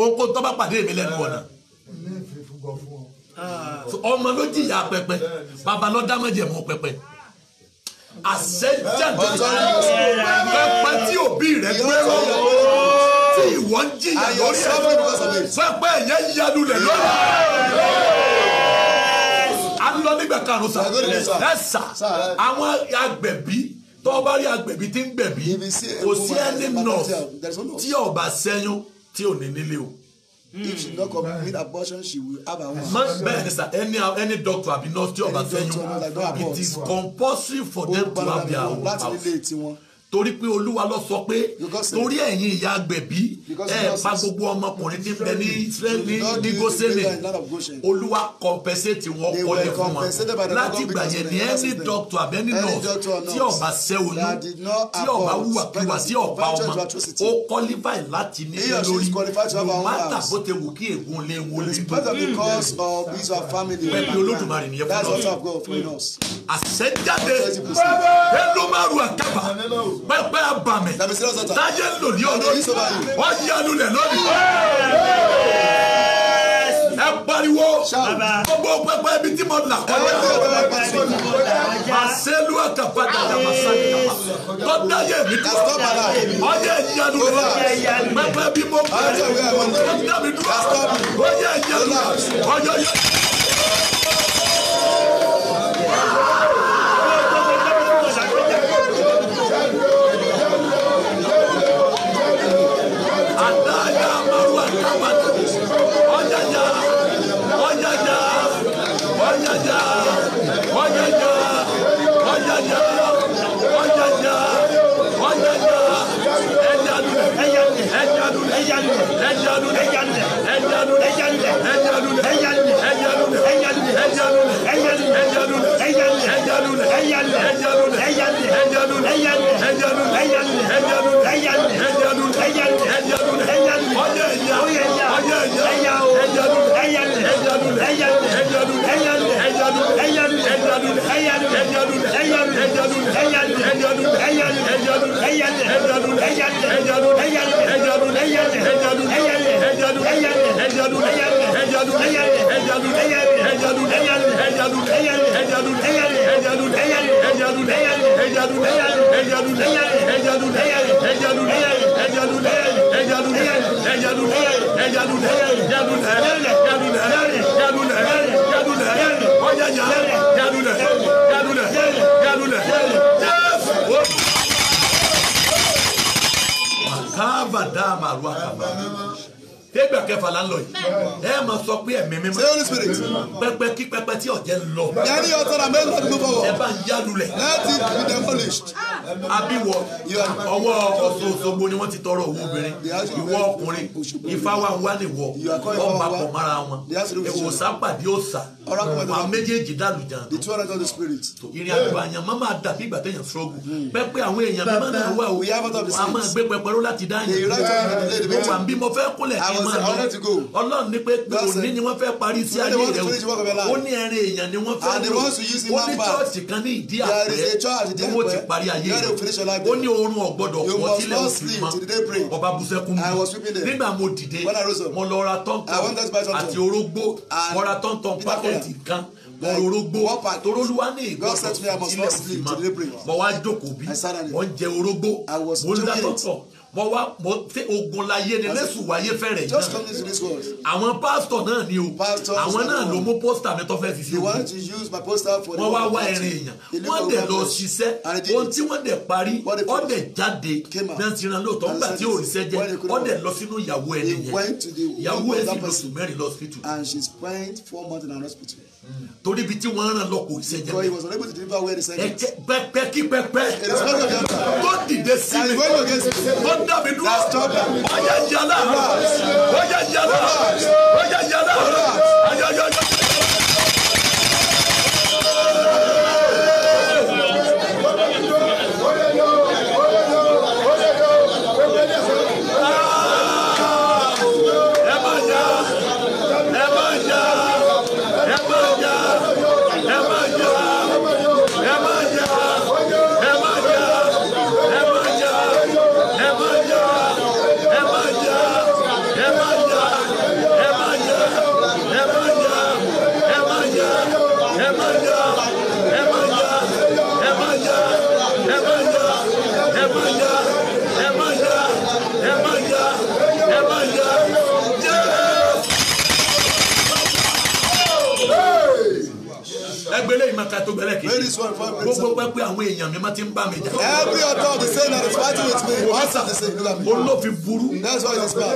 oko tó bá pàdé mi lẹ́nu ọ̀nà ọmọ ló jìyà pẹpẹ bàbá ló dá májẹ̀mú pẹpẹ àṣẹjáde pẹpẹ tí òbí rẹ gbé lọ tí ìwọ ń jìyà lórí ẹ pẹpẹ yẹn yanu lẹ lórí a ń lọ nígbà karùn-ún sa ẹ sà àwọn agbẹ̀bí tọ́ bá rí agbẹ̀bí tí ń gbẹ̀bí kò sí ẹni nọ tí ọba sẹ́yún tí ò ní nílé o if she hmm. no complete abortion she will have her own house. bẹ́ẹ̀ ni sir any any doctor àbí nurse tí ọba sẹ́yìn it is compulsory for them to have their own house torí pé olúwa lọ sọ pé torí ẹ̀yin ìyá agbẹ̀bí ẹ pa gbogbo ọmọkùnrin ní bẹ ní israẹli ní goseni olúwa compensate wọn kọlẹ fún wọn láti gbà yẹn ní ẹni doctor abẹni nurse tí ọba ṣẹ́ oyún tí ọba wùwàkiwà tí ọba ọmọ ó qualify láti ní ilé lórí no matter bó ti wù kí ègún lé wọn lè dùn pẹ̀lú olódùmarè nìyẹn fún ọ àṣẹjáde pẹ̀lú márùn àkàbà pẹ́pẹ́ abàmì táyé ń lò ní olórí wọ́n yí alulẹ̀ lónìí. ẹ pariwo gbogbo pẹpẹ ibi tí mo là kọjá maselu akabada yamasani kọdáyé mi dúró ọyẹ ìyanu rẹ pẹpẹ bí mo bẹ̀rẹ̀ kọdá mi dúró ọyẹ ìyanu rẹ ọyọ yẹ. هيا Kava dama ruaka tẹgbà kẹfà la ń lọ yìí ẹ máa sọ pé ẹ̀mí mímọ́ say holy spirit pẹpẹ kí pẹpẹ tí ọjẹ ń lọ. yanni ọtọ la mẹ lọdún tó fọwọ. ẹ bá ń yálulẹ̀. láti be demolished. Ah abíwọ ọwọ́ Ọ̀ṣun Òṣogbo ni wọ́n ti tọrọ owó obìnrin ìwọ ọkùnrin ifá wa ń wá nìwọ wọ́n máa pọ̀ mọ́ra wọn òòṣà pàdé òòṣà wà méjèèjì dàlù jan. ìrìn àjò àyàn máa máa dàbí ìgbà téèyàn sọ́ọ̀gù hmm. pẹ́pẹ́ àwọn èèyàn mi máa ń wá o a máa gbé pẹpẹrú láti dáyàn mo wà bí mo fẹ́ kúnlẹ̀ kí n máa lọ ọlọ́run ní pé òní ni wọ́n fẹ́ parí sí ayé rẹ o ó ní ẹran èèyàn ni wọ́n fẹ́ lò ó ní chọ́ọ̀tì kan ní ìdí àpẹ́ owó ti parí ayé rẹ rẹ̀ ó ní oorun ọ̀gbọ́dọ̀ wọ́n tilẹ̀ òfin mọ́ ọba busẹ́kún mi nígbà mo dìde mo lọ ra tọ́ntọ́n àti orógbó mo ra tọ́ntọ́n pákẹ́ẹ̀tì kan orógbó toróluwa ní ìgbọ́dọ̀ tilẹ̀ òfin mọ́ mo wá jókòó bí wọ́n jẹ orógbó mo ń dá tọ́ntọ́n mo wá mo ṣe ogun láyé ni lẹ́sù wáyé fẹ́rẹ̀ yìí náà àwọn pásítọ̀ náà ni o àwọn náà ló mú pósítà mi tó fẹ́ fi ṣe o wọ́n wá wá ẹ̀rìn èèyàn wọ́n dẹ̀ lọ ṣiṣẹ́ ohun tí wọ́n dẹ̀ parí ó dẹ̀ jáde náà ti ran lóòótọ́ nígbà tí òrìṣẹ́ jẹ́ ó dẹ̀ lọ sínú ìyàwó ẹni yẹn ìyàwó ẹni lóṣù mẹ́rin lọ hospital. and she spent four months in an hospital torí ibi tí wọ́n rán lọ kò ṣẹjẹ bẹ́ẹ̀ pẹ́pẹ́ kí pẹ́pẹ́ tó dìde sí mi ó dà mí dúró ó yà yàrá ó yà yàrá ó yà yàrá ayọyọyọ. tó gbẹlẹ kejì gbogbo pẹpẹ àwọn èèyàn mi máa ti ń bá mi jà. every other the same that is fighting with me once and the same look at me. olófin burú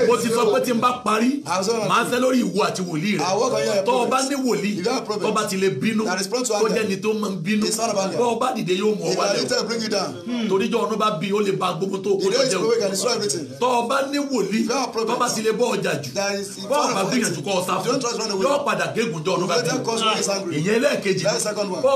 mo ti sọ pé tí n bá parí màá fẹ́ lórí ìwọ àti wòlíì rẹ tọ́ ọ bá ní wòlíì tọ́ bá ti lè bínú tó jẹ́ ni tó máa ń bínú tọ́ ọ bá dìde yóò mọ̀ wá lẹ́wọ̀ toríjọ́ ọ̀nà bá bí ó lè ba gbogbo tó kó lọ́jọ́ tọ́ ọ ní wòlíì tọ́ bá ti lè bọ́ ọjà jù bọ́ ọ gbìyànjú kọ́ ọ sáfù yóò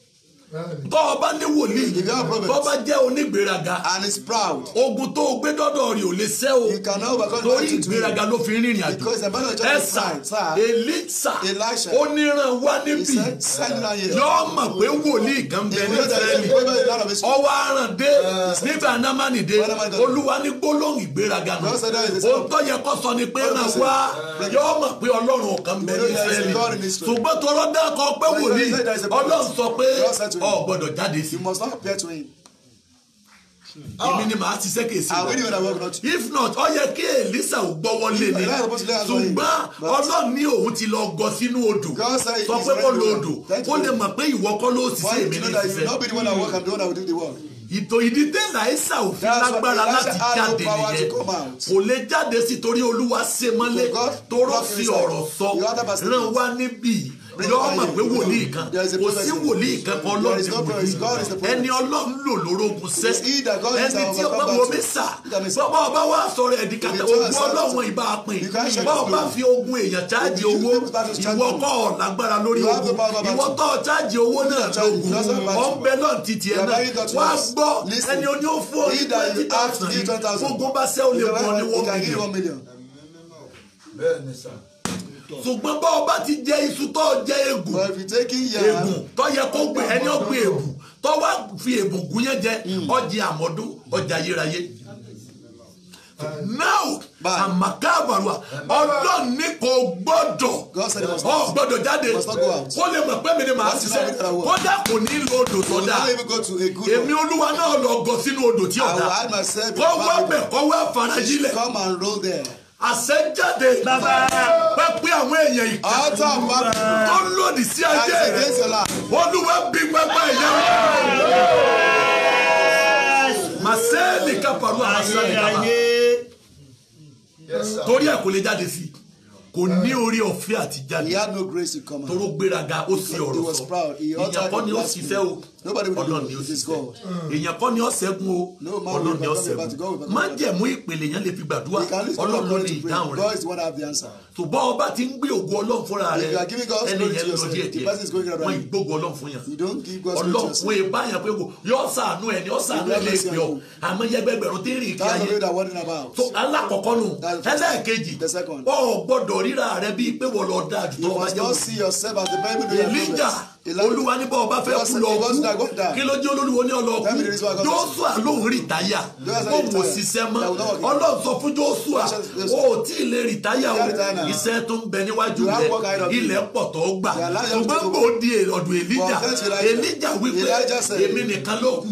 tọ́ ọba ní wòlíì tọ́ ọba jẹ́ onígbéraga ogun tó o gbé dọ́dọ̀ rẹ̀ ò lè sẹ́ o torí ìgbéraga ló fi rìnrìn àjò ẹ̀sà elisa oníran wá níbí yọ́ọ́ mọ̀ pé wòlíì kan bẹ ní sẹ́ẹ̀lì ọwọ́ aràn dé uh, nígbà námánì dé olúwa ní gbólóhùn ìgbéraga nù ohun tó yẹ kó sọ ni pé ràn wá yọ́ọ́ mọ̀ pé ọlọ́run ọ̀kan bẹ ní sẹ́ẹ̀lì ṣùgbọ́n tọrọ dákọ̀ pé wòlíì ọlọ́run sọ pé him. Oh. ọ gbọ́dọ̀ jáde sí. you must not appear to him. èmi ah. ni màá ṣiṣẹ́ kèsì rẹ̀ if not ọ yẹ kí Èlísà ò gbọ́wọ́ lé ní ṣùgbọ́n Ọlọ́run ní òun ti lọ gọ sínú odò sọ pé kó lo odò kó lè mọ̀ pé ìwọ kọ́ ló ṣiṣẹ́ èmi ní ṣiṣẹ́ ìtò ìdílé láìsà òfin lágbára láti jáde nìyẹn kò lè jáde sí torí Olúwa ṣe mọ́lẹ̀ torọ́ fi ọ̀rọ̀ sọ ràn wá níbí lọ́ọ́ mọ̀ pé wòlíì kan kò sí wòlíì kan kan ọlọ́run ti wòlíì ẹni ọlọ́run lò lórí ogun sẹ́ ẹni tí ọba wo mi sà bọ́bá ọba wa sọ̀rọ̀ ẹ̀dí kàtà ogun ọlọ́run ìbá pin ìbá ọba fi ogun èèyàn cháàjì owó ìwọ kọ́ ọ̀ lágbára lórí ogun ìwọ tọ́ ọ cháàjì owó náà lógun ọ̀ ń bẹ náà títì ẹ̀ náà wá gbọ́ ẹni oní ó fún ọ ní twenty thousand ogun bá sẹ́ ọ lè wọ́n ní one million. bẹ́ẹ̀ ni sáà ṣùgbọ́n bá ọba ti jẹ iṣu tó jẹ egun egun tó yẹ kó gbé ẹni ó egun tó wá fi egun gún yẹn jẹ ọjì hmm. àmọ́dún ọjà ayérayé now amakabarua ọdún ní kò gbọ́dọ̀ ọ gbọ́dọ̀ jáde kó lè mọ̀ pé mi ni màá ṣiṣẹ́ kódà kò ní lo odò tó dáa èmi olúwa náà lọ gọ sínú odò tí ọ̀dà kó wá bẹ̀ kó wá farajilẹ̀ àṣẹjáde bá pé àwọn èèyàn ìkà tó lòdì sí ayé rẹ olúwa bí pápá ẹ̀yà màsẹ́ẹ̀lì kápẹ́rù àṣẹlẹ̀ kàmá torí ẹ̀ kò lè jáde sí kò ní orí ọ̀fẹ́ àti jáde toró gbéraga ó sì ọ̀rọ̀ sọ ìyàpọ̀ ni ó sì fẹ́ o ọlọ́run ni ó sì sẹ́ mm. èèyàn kọ́ ni ó ṣẹ́gun o ọlọ́run ni ó ṣẹ́gun má jẹ̀mú ìpele yẹn lè fi gbàdúrà ọlọ́run ni ìdáhùn rẹ̀ ṣùgbọ́n ọba ti ń gbé ògo ọlọ́run fúnra rẹ̀ ẹni yẹn lọ díẹ̀ díẹ̀ wọ́n ìgbógun ọlọ́run fún yàn ọlọ́run fún ebá yẹn pé yọ sànú ẹni yọ sànú ẹni lè pè ọ́ àmọ́ yẹ gbẹgbẹ̀rún tí ń rìn kí ayé tó alákọ̀ọ́kọ́ nù ẹlẹ́ẹ̀kejì ọ̀ gbọ́dọ̀ ríra rẹ bíi pé wọ́n lọ dáa jù tó ọba jẹ́ wọ́n. Elijah olúwa ní bọ́ọ̀ bá fẹ́ kú lọ kú kí ló jẹ́ olólùwọ́ ní Jósùà lóun rìtáyà ó wò ṣiṣẹ́ mọ́ Ọlọ́run sọ fún Jósùà ó tí ì lè rìtáyà o iṣẹ́ tó ń bẹ níwájú rẹ ilẹ̀ pọ̀ tó gbà ṣùgbọ́n kò di ọ̀dọ̀ Èlíjà Èlíjà wípé èmi nìkan ló kù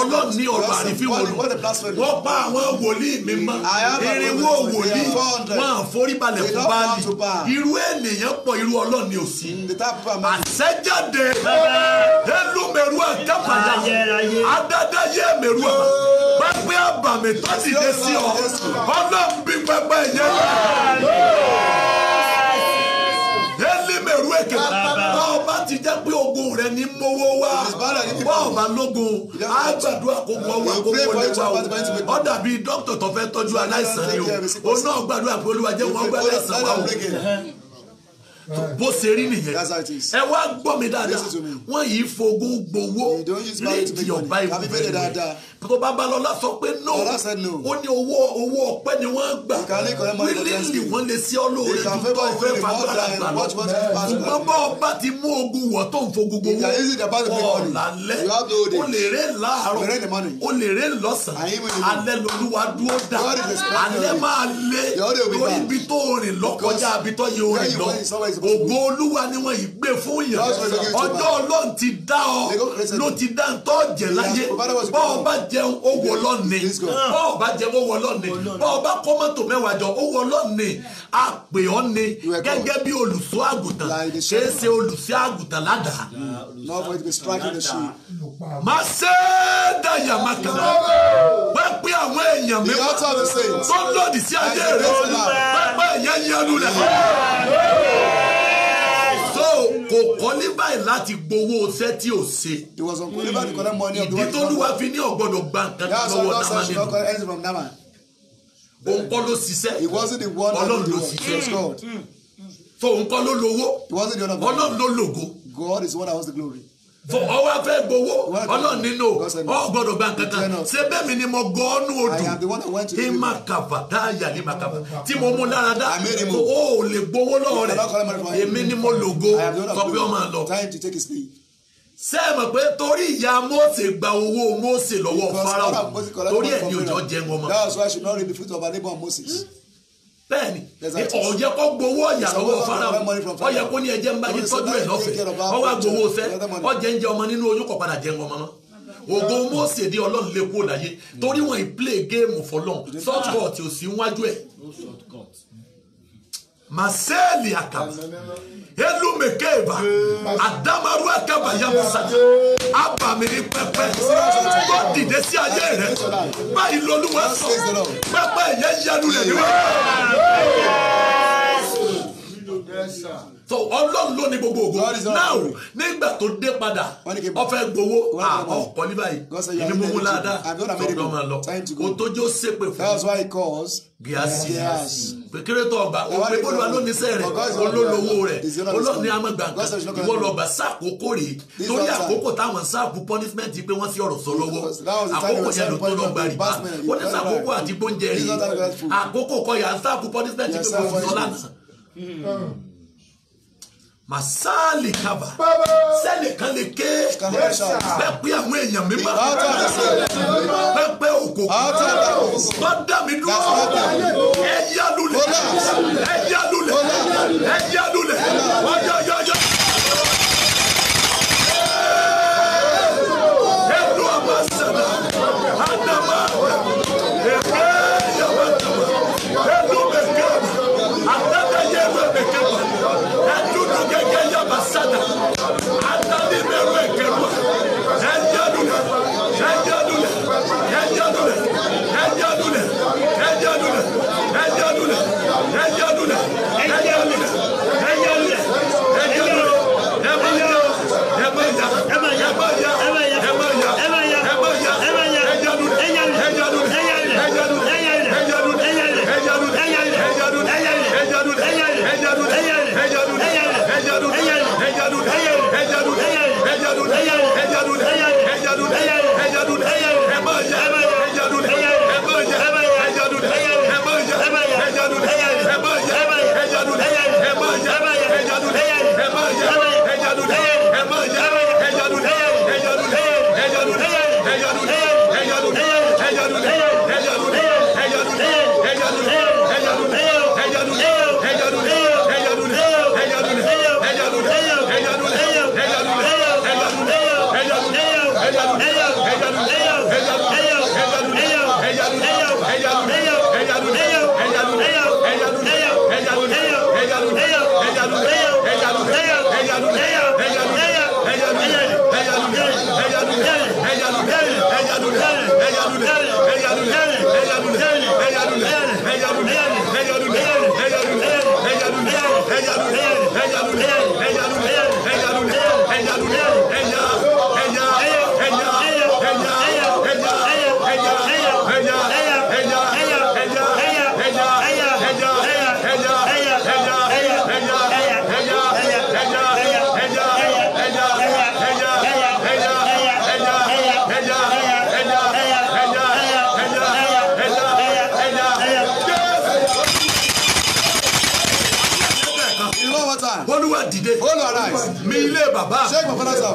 Ọlọ́run ní ọ̀rọ̀ àrífín wò lù wọ́n pa àwọn wòlíì mi mọ́ irinwó wòlíì wọn àforíbalẹ̀ fún báàlì irú ènìyàn pọ̀ irú Ọlọ́run ni ò sí àṣẹjáde ẹlúmẹ mèrúà kápáyà adada yẹ mèrúà pẹpẹ abàmì tó ti dé sí ọ Ọlọ́run bí pẹpẹ yẹn rẹ ẹlí ti jẹ́ pé ogun rẹ̀ ní mowó wá bọ́ ọba lógun á gbàdúrà kó wá kó wọlé wá o ó dàbí dókítà tó fẹ́ tọ́jú aláìsàn ni o ó náà gbàdúrà pé Olúwa jẹ́ wọ́n gbà aláìsàn wá o bó ṣe rí nìyẹn ẹ wá gbọ́ mi dáadáa wọ́n yìí fogún gbowó léèdì ọ̀bá ìwé rẹ̀ tó babalọ́lá sọ pé no ó ní owó owó ọpẹ́ ni wọ́n gbà wílíìlì wọ́n lè sí ọ lóore ju tó fẹ́ fagbára gbà lọ ṣùgbọ́n bá ọba ti mú ogun wọ̀ tó ń fo gbogbo wọn ọ̀làlẹ́ ó lè ré láàárọ̀ ó lè ré lọ́sàn-án alẹ́ lolúwa dúró dá alẹ́ máa lé lórí ibi tó rìn lọ ibi tó yẹ orin lọ ògo olúwa ni wọ́n yìí gbé fún yẹn ọjọ́ ọlọ́run ti dá ọ ló ti dá ń tọ́ jẹ̀ láyé bá ọba jẹ jẹ owó lọ́nìí bọ́ ọ bá jẹ owó lọ́nìí bọ́ ọ bá kọ́ mọ́tò mẹ́wàá jọ owó lọ́nìí a pè ọ́ ni gẹ́gẹ́ bí olùṣọ́ àgùntàn ṣe ṣe olùṣọ́ àgùntàn ládàá. má ṣe dàyà má kàn pé àwọn èèyàn mi tó lòdì sí ajé rẹ wá pé èèyàn yẹnu rẹ kò kọ́lé báyìí láti gbowó ṣẹ́ tí ò ṣe. he was unqualified to collect money of the world. ìdí tó lùwà fi ní ọ̀gbọ́dọ̀ gba nǹkan lọ́wọ́ náà òun kọ́ ló ṣiṣẹ́ ọlọ́run ló ṣiṣẹ́ so òun kọ́ ló lówó ọlọ́run ló lògo. God is the one that has the glory ọwọ́ afẹ́ gbowó ọlọ́run nínú ọ gbọ́dọ̀ gba nǹkan kan ṣé bẹ́ẹ̀ mi ni mo gọ́ ọ́nú odò tí ma kàfà táyà ní ma kàfà tí mo mú lára dá o ò lè gbowó lọ́wọ́ rẹ̀ èmi ni mo lògo kọ́pẹ́ ọmọ àlọ́ ṣé ẹ mọ̀ pé torí ìyá Mósè gba owó Mósè lọ́wọ́ Fáráò torí ẹ̀ ní òjò jẹun ọmọ bẹ́ẹ̀ni ó yẹ kó gbowó ọ̀yà lọ́wọ́ Fáráò ó yẹ kó ẹjẹ ń bá ẹ lọ́fẹ̀ẹ́ ó wá gbowó sẹ ń jẹ ọmọ nínú oyún kọ padà jẹ ń mọ ògo Mósè di Ọlọ́run lè kó láyé torí wọn ì play game fọ́lọ́run short ò sí wájú ẹ maseli akaba elumekeba adamaru akaba yabusa abami ni pẹpẹ tó dìde sí ayé rẹ báyìí lolúwa sọ pẹpẹ yẹn yanu rẹ níwájú so ọlọ́run ló ní gbogbo ògo now nígbà tó dé padà ọfẹ gbowó ọkọ ní báyìí ìní mímú ládàá tó gbọ́ máa lọ o tó jó sépè fún gíásíàsì kékeré tó ọgbà òpè olúwa ló ní sẹ́ rẹ̀ olólowó rẹ̀ olóòrùn ní amagbàgbà ìwọ lọ́gbà sàkókò rèé torí àkókò táwọn sáàpù punishment pé wọ́n sí ọ̀rọ̀ sọ lọ́wọ́ àkókò yẹn ló tó lọ́gbà rí bá ó ní sàkókò àti gbóúnjẹ rèé àkókò kọyà sáàpù punishment pé wọ́n sí ọ lánàá. Hmm masali kaba sẹ́nìkan lè ké pẹ́pẹ́ àwọn èèyàn mímọ́ pẹ́pẹ́ òkò tó dá mi dúró ẹ̀yálulẹ̀ ẹ̀yálulẹ̀ ẹ̀yálulẹ̀ ọjọ́ yọjọ́. Thank you. 해야누 해 해야누 해 해야누 해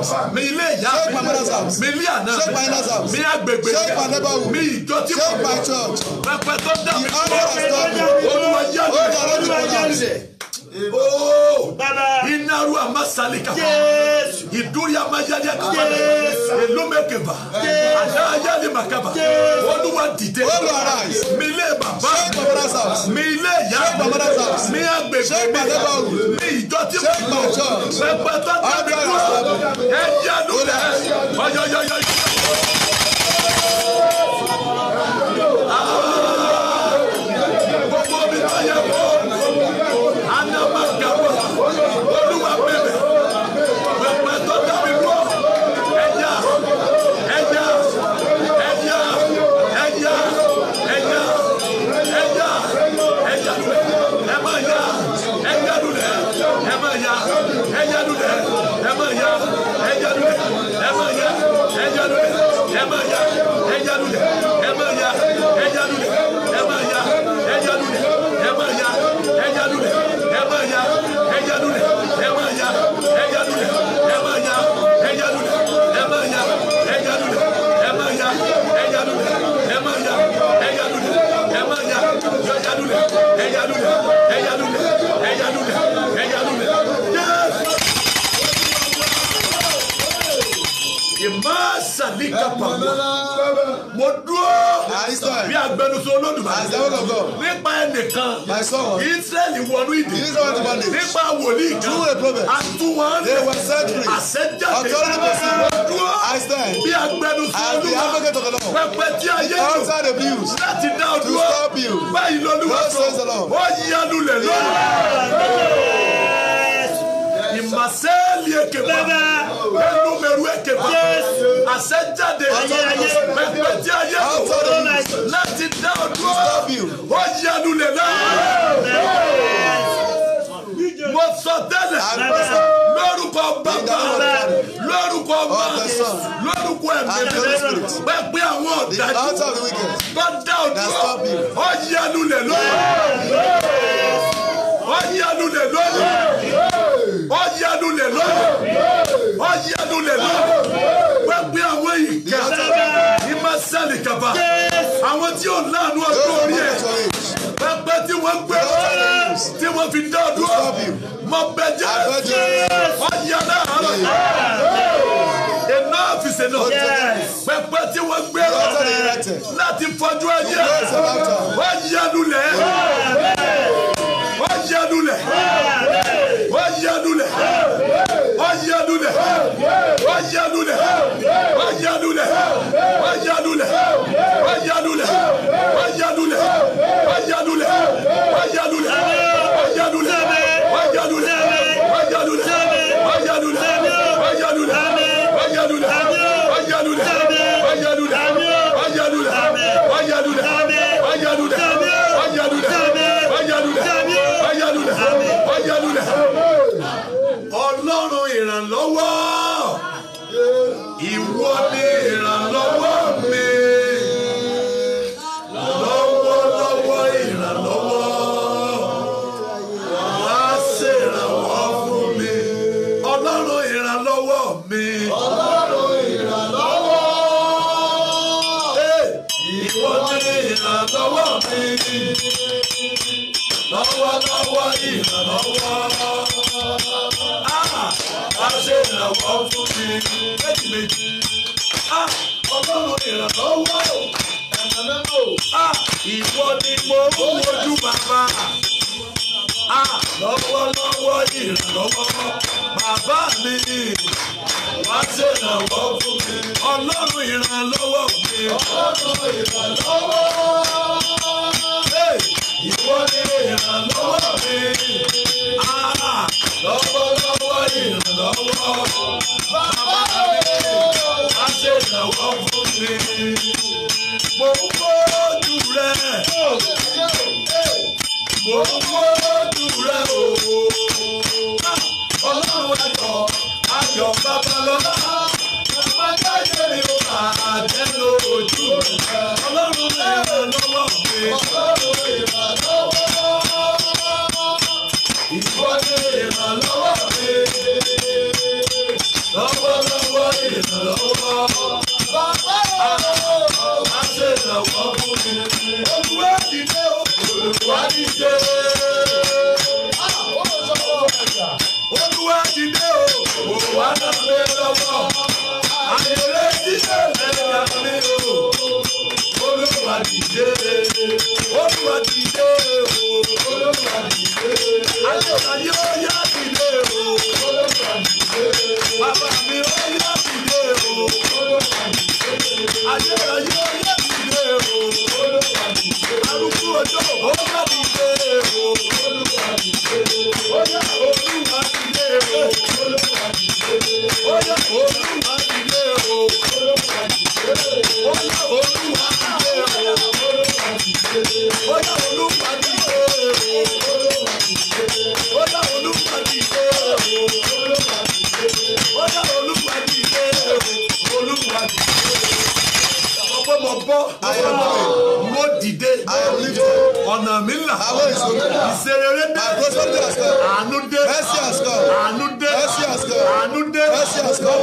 house mi ilé ìyá mi mi ilé àná mi mi agbègbè mi ìjọ tí mo lọ pẹpẹ tó dá mi kọ́ olúwa yá mi. Oh, inaru amasali kapa iduri amayali akapa elomekeba adayali makaba Olúwa dìde mi ilé baba mi ilé ya mi agbègbè mi ìjọ tí mo mọ̀ pẹpẹ tó tẹ̀ mí kúrò ẹ̀yẹ́ lulẹ̀ ọ̀yọ̀yọ̀yọ̀. pàmò mo dúró bí agbẹnusọ olódùmarè nípa ẹnìkan israẹli wọnú ìdè nípa wòlíì kan àtúwọ̀n lè àṣẹjáde mo dúró bí agbẹnusọ olúwa pẹpẹ tí a yé lò láti dá o dúró báyìí lọ́lúwa sọ ó yanu lẹ̀ lọ́wọ́ maseli ekeba enumeru ekeba asẹjade mẹpẹti ayé ọsọdọ láti dá ọdún ọ yanu lẹ náà mo sọ tẹ́lẹ̀ lórúkọ bàbá lórúkọ bàbá lórúkọ ẹ̀mí bá gbé àwọn ọ̀dájú bá dá ọdún ọ yanu lẹ lọ́wọ́ ọ yanu lẹ lọ́wọ́ lè lónìí wọ́n yẹnu lè lónìí wọ́n gbé àwọn ìkà ní masẹ́lì kaba àwọn tí ò láàánú ọdún orí ẹ̀ pẹpẹ tí wọ́n gbé tí wọ́n fi dá ọdún mọ bẹjẹ wọ́n yẹnu àárọ̀ enough is enough pẹpẹ tí wọ́n gbé láti fọjú ẹyẹ wọ́n yẹnu lẹ̀ wọ́n yẹnu lẹ̀. yá lulẹ̀ wá yá lulẹ̀ wá yá lulẹ̀ wá yá lulẹ̀ wá yá lulẹ̀ wá yá lulẹ̀ wá yá lulẹ̀ wá yá lulẹ̀ wá yá lulẹ̀ wá yá lulẹ̀ wá yá lulẹ̀ wá yá lulẹ̀ wá yá lulẹ̀ wá yá lulẹ̀ wá yá lulẹ̀ wá yá lulẹ̀ wá yá lulẹ̀ wá yá lulẹ̀ wá yá lulẹ̀ wáyálulẹ̀ wáyálulẹ̀ ọlọ́run ìrànlọ́wọ́. ìrànlọ́wọ́ fún mi méjì méjì. Ah, ọlọ́run ìrànlọ́wọ́ o ẹ̀mọ́nà o. Ah, ìwọ ni mo ń oh, wojú bàbá. Ah, lọ́wọ́lọ́wọ́ ìrànlọ́wọ́ bàbá mi wá ṣe ìrànwọ́ fún mi. ọlọ́run ìrànlọ́wọ́ mi. ọlọ́run ìrànlọ́wọ́. ìwọ ni ìrànlọ́wọ́ mi. lọ́wọ́ ìrànlọ́wọ́. Bàbá mi á ṣe ìrànwọ́ fún mi. Mo ń gbójú rẹ̀. Mo ń gbójú rẹ̀ o. Ọlọ́run ayọ̀ ayọ̀ bàbá. Paris.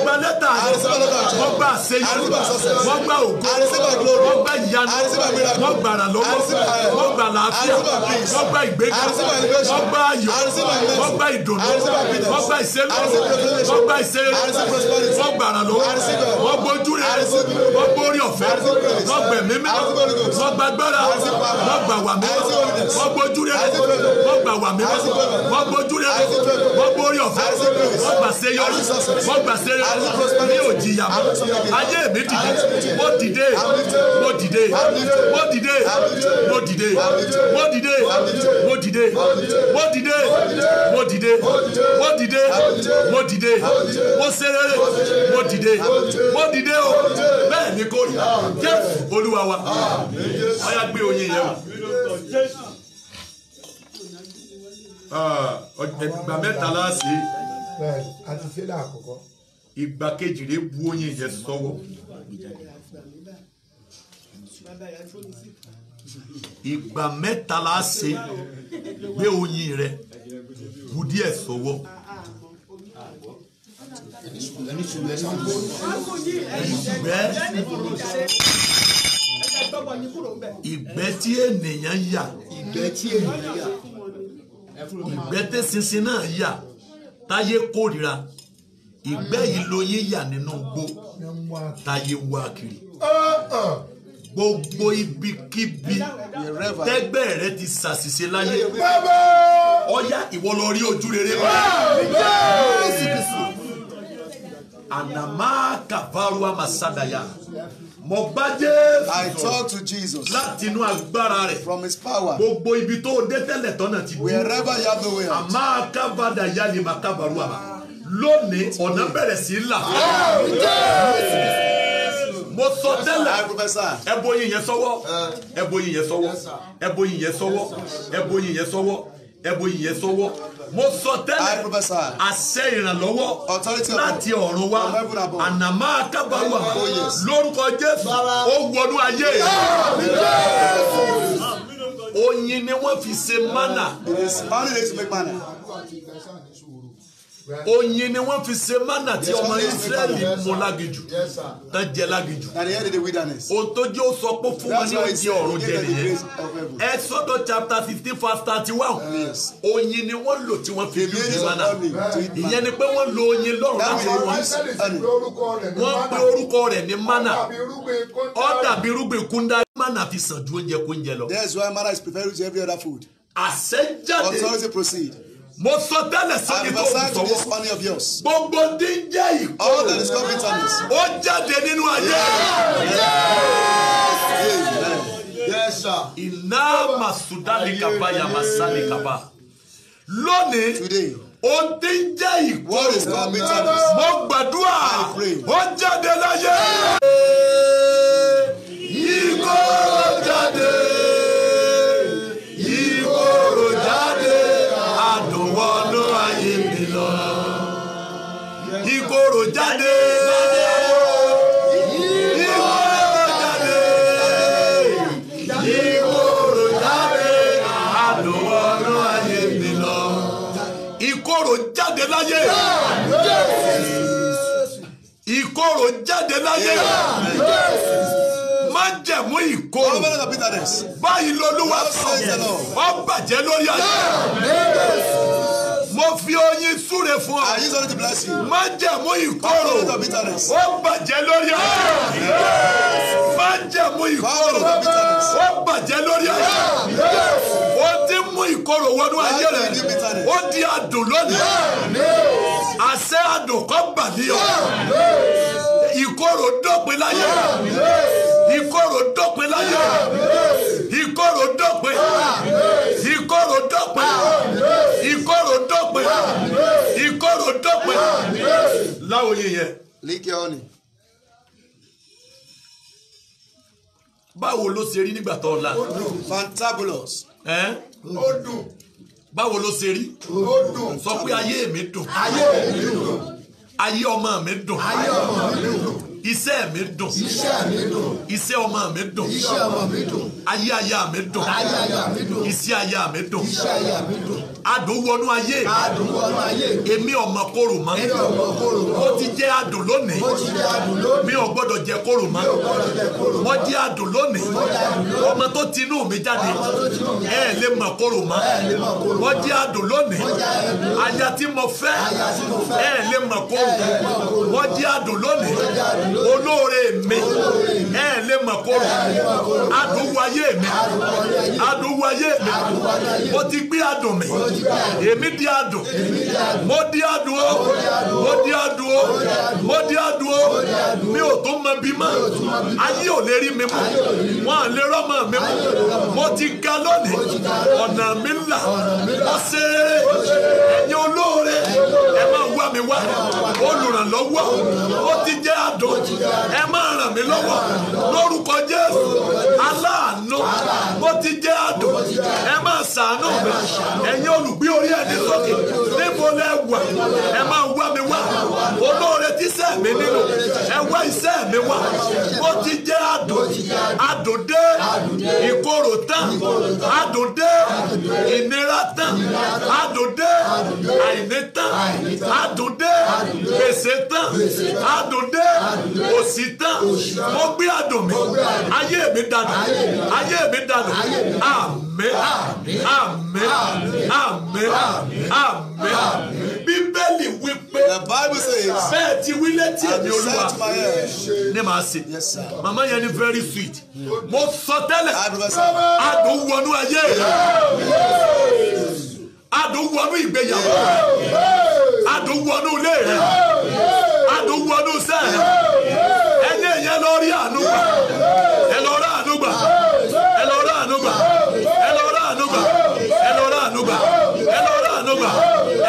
gba lẹ́tà wọ́n gba àṣeyọrí wọ́n gba ògo wọ́n gba ìyanu wọ́n gba àràlọ́wọ́ wọ́n gba àlàáfíà wọ́n gba ìgbéga wọ́n gba ayọ̀ wọ́n gba ìdùnnú wọ́n gba ìṣẹ́lẹ̀ wọ́n gba ìṣẹ́lẹ̀ wọ́n gba àràlọ́wọ́ wọ́n gbójú rẹ̀ wọ́n gbórí ọ̀fẹ́ wọ́n gbẹ̀mí mẹ́rin wọ́n gba agbára wọ́n gba wà mẹ́rin wọ́n gbójú rẹ̀ wọ́n gba wà mẹ́rin wọ́n gbójú rẹ̀ wọ́n gbórí ọ̀fẹ́ wọ́n gbà sẹ́yọrí wọ́n gbà sẹ́yọrí mi ò jìyà ayé mi dìde mo dìde mo dìde mo dìde mo dìde mo dìde mo dìde mo dìde mo dìde mo dìde mo dìde mo serere mo dìde mo dìde o bẹ́ẹ̀ ni kò rí Jésù Olúwa wa ọ̀yá gbé oyin yẹn o ìgbà mẹ́ta láàṣì. bẹ́ẹ̀ àti sílẹ̀ àkọ́kọ́ ìgbà kejì rẹ̀ bu oyin yẹn sọ́wọ́ ìgbà mẹ́ta la se gbé oyin rẹ̀ bu díẹ̀ sọ́wọ́ ìgbẹ́ tí ènìyàn yà ìgbẹ́ tí sinsin náà yà táyé kórìíra ìgbẹ́ yìí ló yín yà nínú gbó táyé wá kiri gbogbo ibikíbi tẹ́gbẹ́ rẹ ti ṣàṣìṣe láyé ọ̀yá ìwọ lọ rí ojú rere wa anama kavaruwa masadaya mo bá jésù i talk to jesus láti inú agbára rẹ̀ from his power gbogbo ibi tó o dé tẹ́lẹ̀ tọ́nà ti dé wherever you have the way out amá lónìí ọ̀nà bẹ̀rẹ̀ sí í là. mo sọ tẹ́lẹ̀ ẹ̀bọ yìí yẹn sọ́wọ́ uh, ẹ̀bọ yìí yẹn sọ́wọ́ ẹ̀bọ yìí yẹn sọ́wọ́ ẹ̀bọ yìí yẹn sọ́wọ́ ẹ̀bọ yìí yẹn sọ́wọ́ mo sọ tẹ́lẹ̀ àṣẹ ìrànlọ́wọ́ láti ọ̀run wá ànàmọ́ akábáwà oh, lórúkọ jésù ó wọnú ayé oyin ni wọ́n fi ṣe mánà oyin ni wọ́n fi ṣe mánà tí ọmọ israẹli mú lágijù tán jẹ lágijù o o sọ pé fún wa ní oúnjẹ ọ̀run jẹ nìyẹn Exodus chapter fifteen verse thirty one oyin ni wọ́n lò tí wọ́n fi lù ní mánà ìyẹn ni pé wọ́n lo oyin lọ́rùn láti wọ́n wọ́n pe orúkọ rẹ̀ ní mánà ó dàbí irúgbìn kúndà mánà fi sàn ju oúnjẹ kóúnjẹ lọ. that's why àṣẹ jáde mo sọ tẹ́lẹ̀ sókè tó o sọ̀wọ́ gbogbo díjẹ́ ìkórè ó jáde nínú ayé iná masudali kaba yamasali kaba lónìí ó ti ń jẹ́ ìkórè mo gbàdúrà ó jáde láyé ìkórè. ìkorò jáde. ìkorò jáde. ìkorò jáde. àdùnwọ̀ ọ̀rọ̀ ayé mi lọ. ìkorò jáde láyé. ìkorò jáde láyé. má jẹ̀mú ìkorò. báyìí lolúwa sọ. wọ́n bàjẹ́ lórí ayé mo fi oyin súre fún ọ. I use only to bless you. májẹ̀mú ìkorò ó bàjẹ́ lórí ọ̀rọ̀ májẹ̀mú ìkorò ó bàjẹ́ lórí ọ̀rọ̀ ó ti mú ìkorò wọnú ayé rẹ̀ ó di adùn lónìí àṣẹ adùn kọ́ bà ní ọ ìkorò dópin láyé ìkorò dópin láyé ìkorò dópin ìkorò dópin yóò dópin láwòye yẹn. líkẹ́ ọ̀nì. báwo ló ṣe rí nígbà tó la. fantabulous. ó dùn. báwo ló ṣe rí. ó dùn. sọ pé ayé mi dùn. ayé mi dùn. ayé ọmọ mi dùn. ayé ọmọ mi dùn iṣẹ́ mi dùn. iṣẹ́ mi dùn. iṣẹ́ ọmọ mi dùn. iṣẹ́ ọmọ mi dùn. ayé aya mi dùn. ayé aya mi dùn. iṣẹ́ aya mi dùn. iṣẹ́ aya mi dùn. adùn wọnú ayé. adùn wọnú ayé. èmi ọmọ kóró mọ́. èmi ọmọ kóró mọ́. ó ti jẹ́ adùn lónìí. ó ti jẹ́ adùn lónìí. mi ò gbọ́dọ̀ jẹ kóró mọ́. mi ò gbọ́dọ̀ jẹ kóró mọ́. wọ́n jẹ́ adùn lónìí. ọmọ tó ti inú mi jáde. ẹ ẹ lè mọ kóró mọ́. wọ́n jẹ́ adùn lónìí. aya tí mo fẹ́. ẹ ẹ lè mọ kóró. wọ́n jẹ́ adùn lónìí olóore mi ẹ lè mọ̀ kóró adùnwó ayé mi adùnwó mi mo ti gbé adùn mi èmi di adùn mo di adùn o mo di adùn o mo di adùn o mi ò tó mọ bí mọ́ ayé ò lè rí mi mọ́ wọn à lè rọ́mọ mi mọ́ mo ti ga lónìí ọ̀nà mi là ó ṣe é ẹ̀yin olóore ẹ máa wá mi wá olùrànlọ́wọ́ ó ti jẹ́ adùn ẹ máa ràn mí lọ́wọ́ lórúkọ Jésù aláàánú bó ti jẹ́ àdùn ẹ máa ṣàánú mi ẹ̀yin olùgbé orí ẹni sókè níbo lẹ wà ẹ máa wá mi wá olóore tí iṣẹ́ mi nílò ẹ wá iṣẹ́ mi wá bó ti jẹ́ àdùn àdùn ìkorò tán àdùn ìnira tán àdùn àìní tán àdùn gbèsè tán àdùn kò sí tán mo gbé àdùn mi ayé mi dànù ayé mi dànù àmín àmín àmín àmín bíbélì wí pé bẹ́ẹ̀ ti wí létí èmi olúwa ni màá ṣe màmá yẹn ni very sweet mo sọ tẹ́lẹ̀ àdùn wọnú ayé rẹ̀ àdùn wọnú ìgbéyàwó rẹ̀ àdùn wọnú ilé rẹ̀ àdùn wọnú lọ rí àánú gbà ẹ lọ rí àánú gbà ẹ lọ rí àánú gbà ẹ lọ rí àánú gbà ẹ lọ rí àánú gbà ẹ lọ rí àánú gbà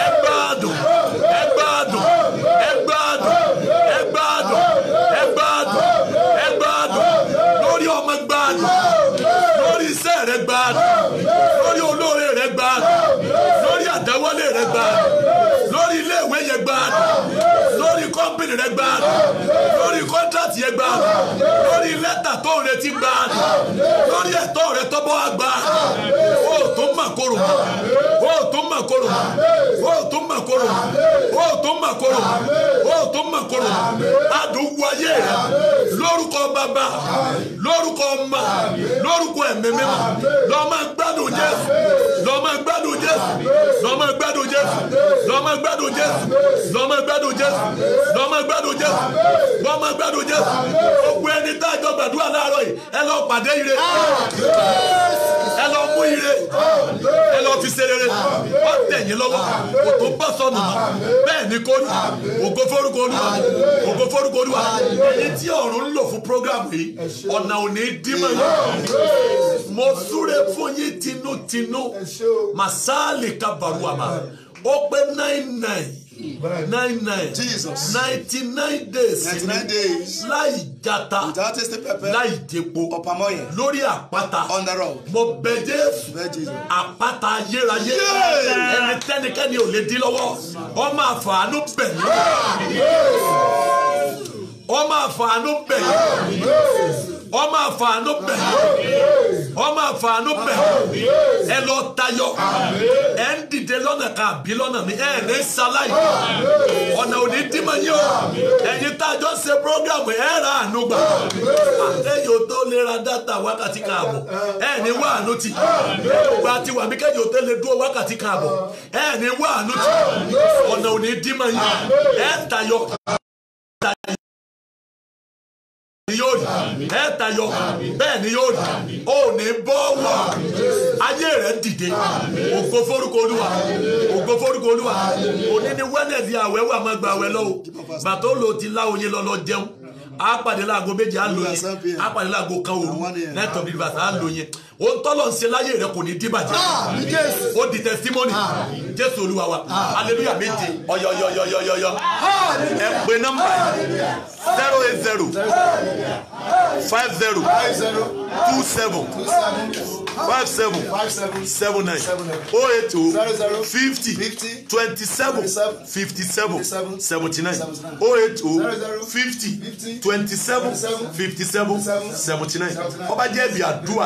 ẹ gbádùn ẹ gbádùn ẹ gbádùn ẹ gbádùn ẹ gbádùn ẹ gbádùn lórí ọmọ gbádùn lórí iṣẹ́ rẹ gbádùn lórí olóore rẹ gbádùn lórí àdáwọlé rẹ gbádùn lórí ilé ìwé yẹn gbádùn lórí kọ́mpìnì rẹ gbádùn lórí kọ́ńtà àdírẹ́sì yẹn gbà lórí lẹ́tà tó ń retí gbà lórí ẹ̀tọ́ rẹ tọ́bọ̀ àgbà o tó mà kóró o tó mà kóró o tó mà kóró o tó mà kóró o tó mà kóró adùnkù ayé rẹ lórúkọ bàbá lórúkọ ọmọ lórúkọ ẹ̀mí mímọ́ lọ máa gbádùn Jésù lọ máa gbádùn Jésù lọ máa gbádùn Jésù lọ máa gbádùn Jésù lọ máa gbádùn Jésù lọ máa gbádùn Jésù lọ máa gbádùn Jésù gbogbo ẹni tá ìjọ gbàdúrà láàárọ̀ yìí ẹ lọ pàdé ire ẹ lọ mú ire ẹ lọ fi ṣe rere wọ́n tẹ̀yìn lọ́wọ́ kò tó bọ́ sọnù mọ́ bẹ́ẹ̀ ni kò ní ògo forúkọ olúwa ògo forúkọ olúwa èyí tí ọ̀run ń lò fún program yìí ọ̀nà ò ní dímọ̀ yìí mo súre fún yín tinútinú màsáàlì kabaruwa ma ó pé nine nine nine nine Jesus ninety nine days ninety nine days láì jata without tasting pepper láì jepo ọ̀pamọ́ lórí àpáta on the road. mo bẹ Jésù àpáta yérayé ẹni tẹ́nikẹ́ni ò lè dín lọ́wọ́ ọmọ àfààní bẹ̀ mí ọmọ àfààní bẹ̀ mí ọmọ àfààní bẹ̀ ọmọ àfààní bẹ̀ ẹ lọ tayọ ẹ ń dìde lọ́nà kàbí lọ́nà mi ẹ ní sáláì ọ̀nà òní dìmọ̀ yín o ẹ̀yin tá a jọ ṣe prógámù ẹ ra àánú gbà àtẹ̀yò tó lè ra dátà wákàtí kààbọ̀ ẹ ní wá àánú tì gba tiwa mi kẹ́yìn tó lè dúró wákàtí kààbọ̀ ẹ ní wá àánú tì ọ̀nà òní dìmọ̀ yín ẹ tayọ ni yóò rí ẹ tayọ bẹ́ẹ̀ ni yóò rí o ní bọ́wọ́ ayé rẹ dìde ògo forúkọ olúwa ògo forúkọ olúwa òní ni wẹ́nẹ̀dì àwẹ̀ wà gba àwẹ̀ lọ́wọ́ bàtó lo ti láwòye lọ́lọ́ jẹun a pàdé láago méje á lò yẹn a pàdé láago kan òru lẹ́tọ̀ bí bàtà á lò yẹn o ń tọ́lọ̀ ń ṣe láyé rẹ kò ní dìbàjẹ́ o ah, di testimony ah. jésù olúwa wa ah. hallelujah méje ọ̀yọ̀yọ̀yọ̀yọ̀yọ̀ ẹ pè nọ́mbà zero eight zero five zero two seven five seven seven nine O oh eight oh fifty twenty seven fifty seven seventy nine O oh eight oh fifty twenty twenty seven fifty seven seventy nine ó bá jẹ́ ibi àdúrà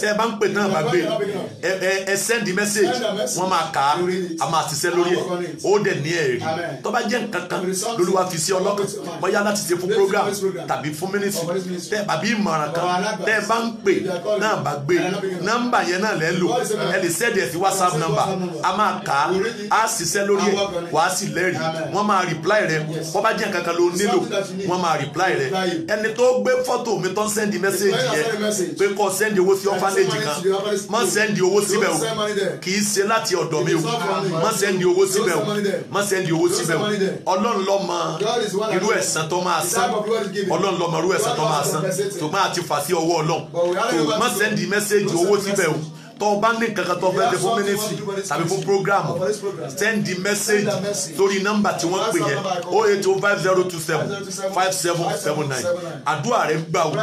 tẹ́ ẹ bá ń pè náà bá gbé ẹ ẹ send message wọ́n máa kà á a máa ṣiṣẹ́ lórí ẹ̀ ó dẹ̀ ní ẹ̀rí tó bá jẹ́ nǹkan kan lóluwà fi sí ọlọ́kàn bóyá láti ṣe fún program tàbí fún ministry tẹ́ àbí ìmọ̀ràn kan tẹ́ ẹ bá ń pè náà bá gbé nọ́mbà yẹn náà lẹ́ lò ẹ lè send ẹ̀ sí whatsapp number a máa kà á á ṣiṣẹ́ lórí ẹ̀ wàá sì lẹ́rìí wọ́n máa reply rẹ̀ bó bá nǹkan kan ló nílò wọ́n máa reply rẹ̀ rẹ̀ ẹni tó gbé fọ́tò mi tó ń sẹ́ndì mẹ́sẹ̀gì yẹn pé kó sẹ́ndì owó sí ọ́fánẹ́jì kan má sẹ́ndì owó síbẹ̀ o kì í ṣe láti ọ̀dọ̀ mi o má sẹ́ndì owó síbẹ̀ o má sẹ́ndì owó síbẹ̀ o ọlọ́run ló mọ irú ẹ̀san tó máa san ọlọ́run ló mọ irú ẹ̀san tó máa san tó máa ti fà sí ọwọ́ ọlọ́run tó sẹ́ndì mẹ́sẹ̀gì owó síbẹ̀ o tó o ní kankan tó o fún mínísì tàbí fún programu send the message lórí number tí wọ́n pè yẹn o oh, eight oh o five zero two seven five seven seven nine àdúrà rẹ̀ gbà wò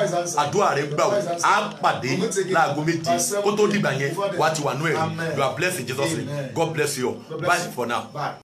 àdúrà rẹ̀ gbà wò á pàdé láago méje kó tó dìgbà yẹn wàá ti wà nú ẹ̀rí you are blessed in Jesus name God bless you all bye for now.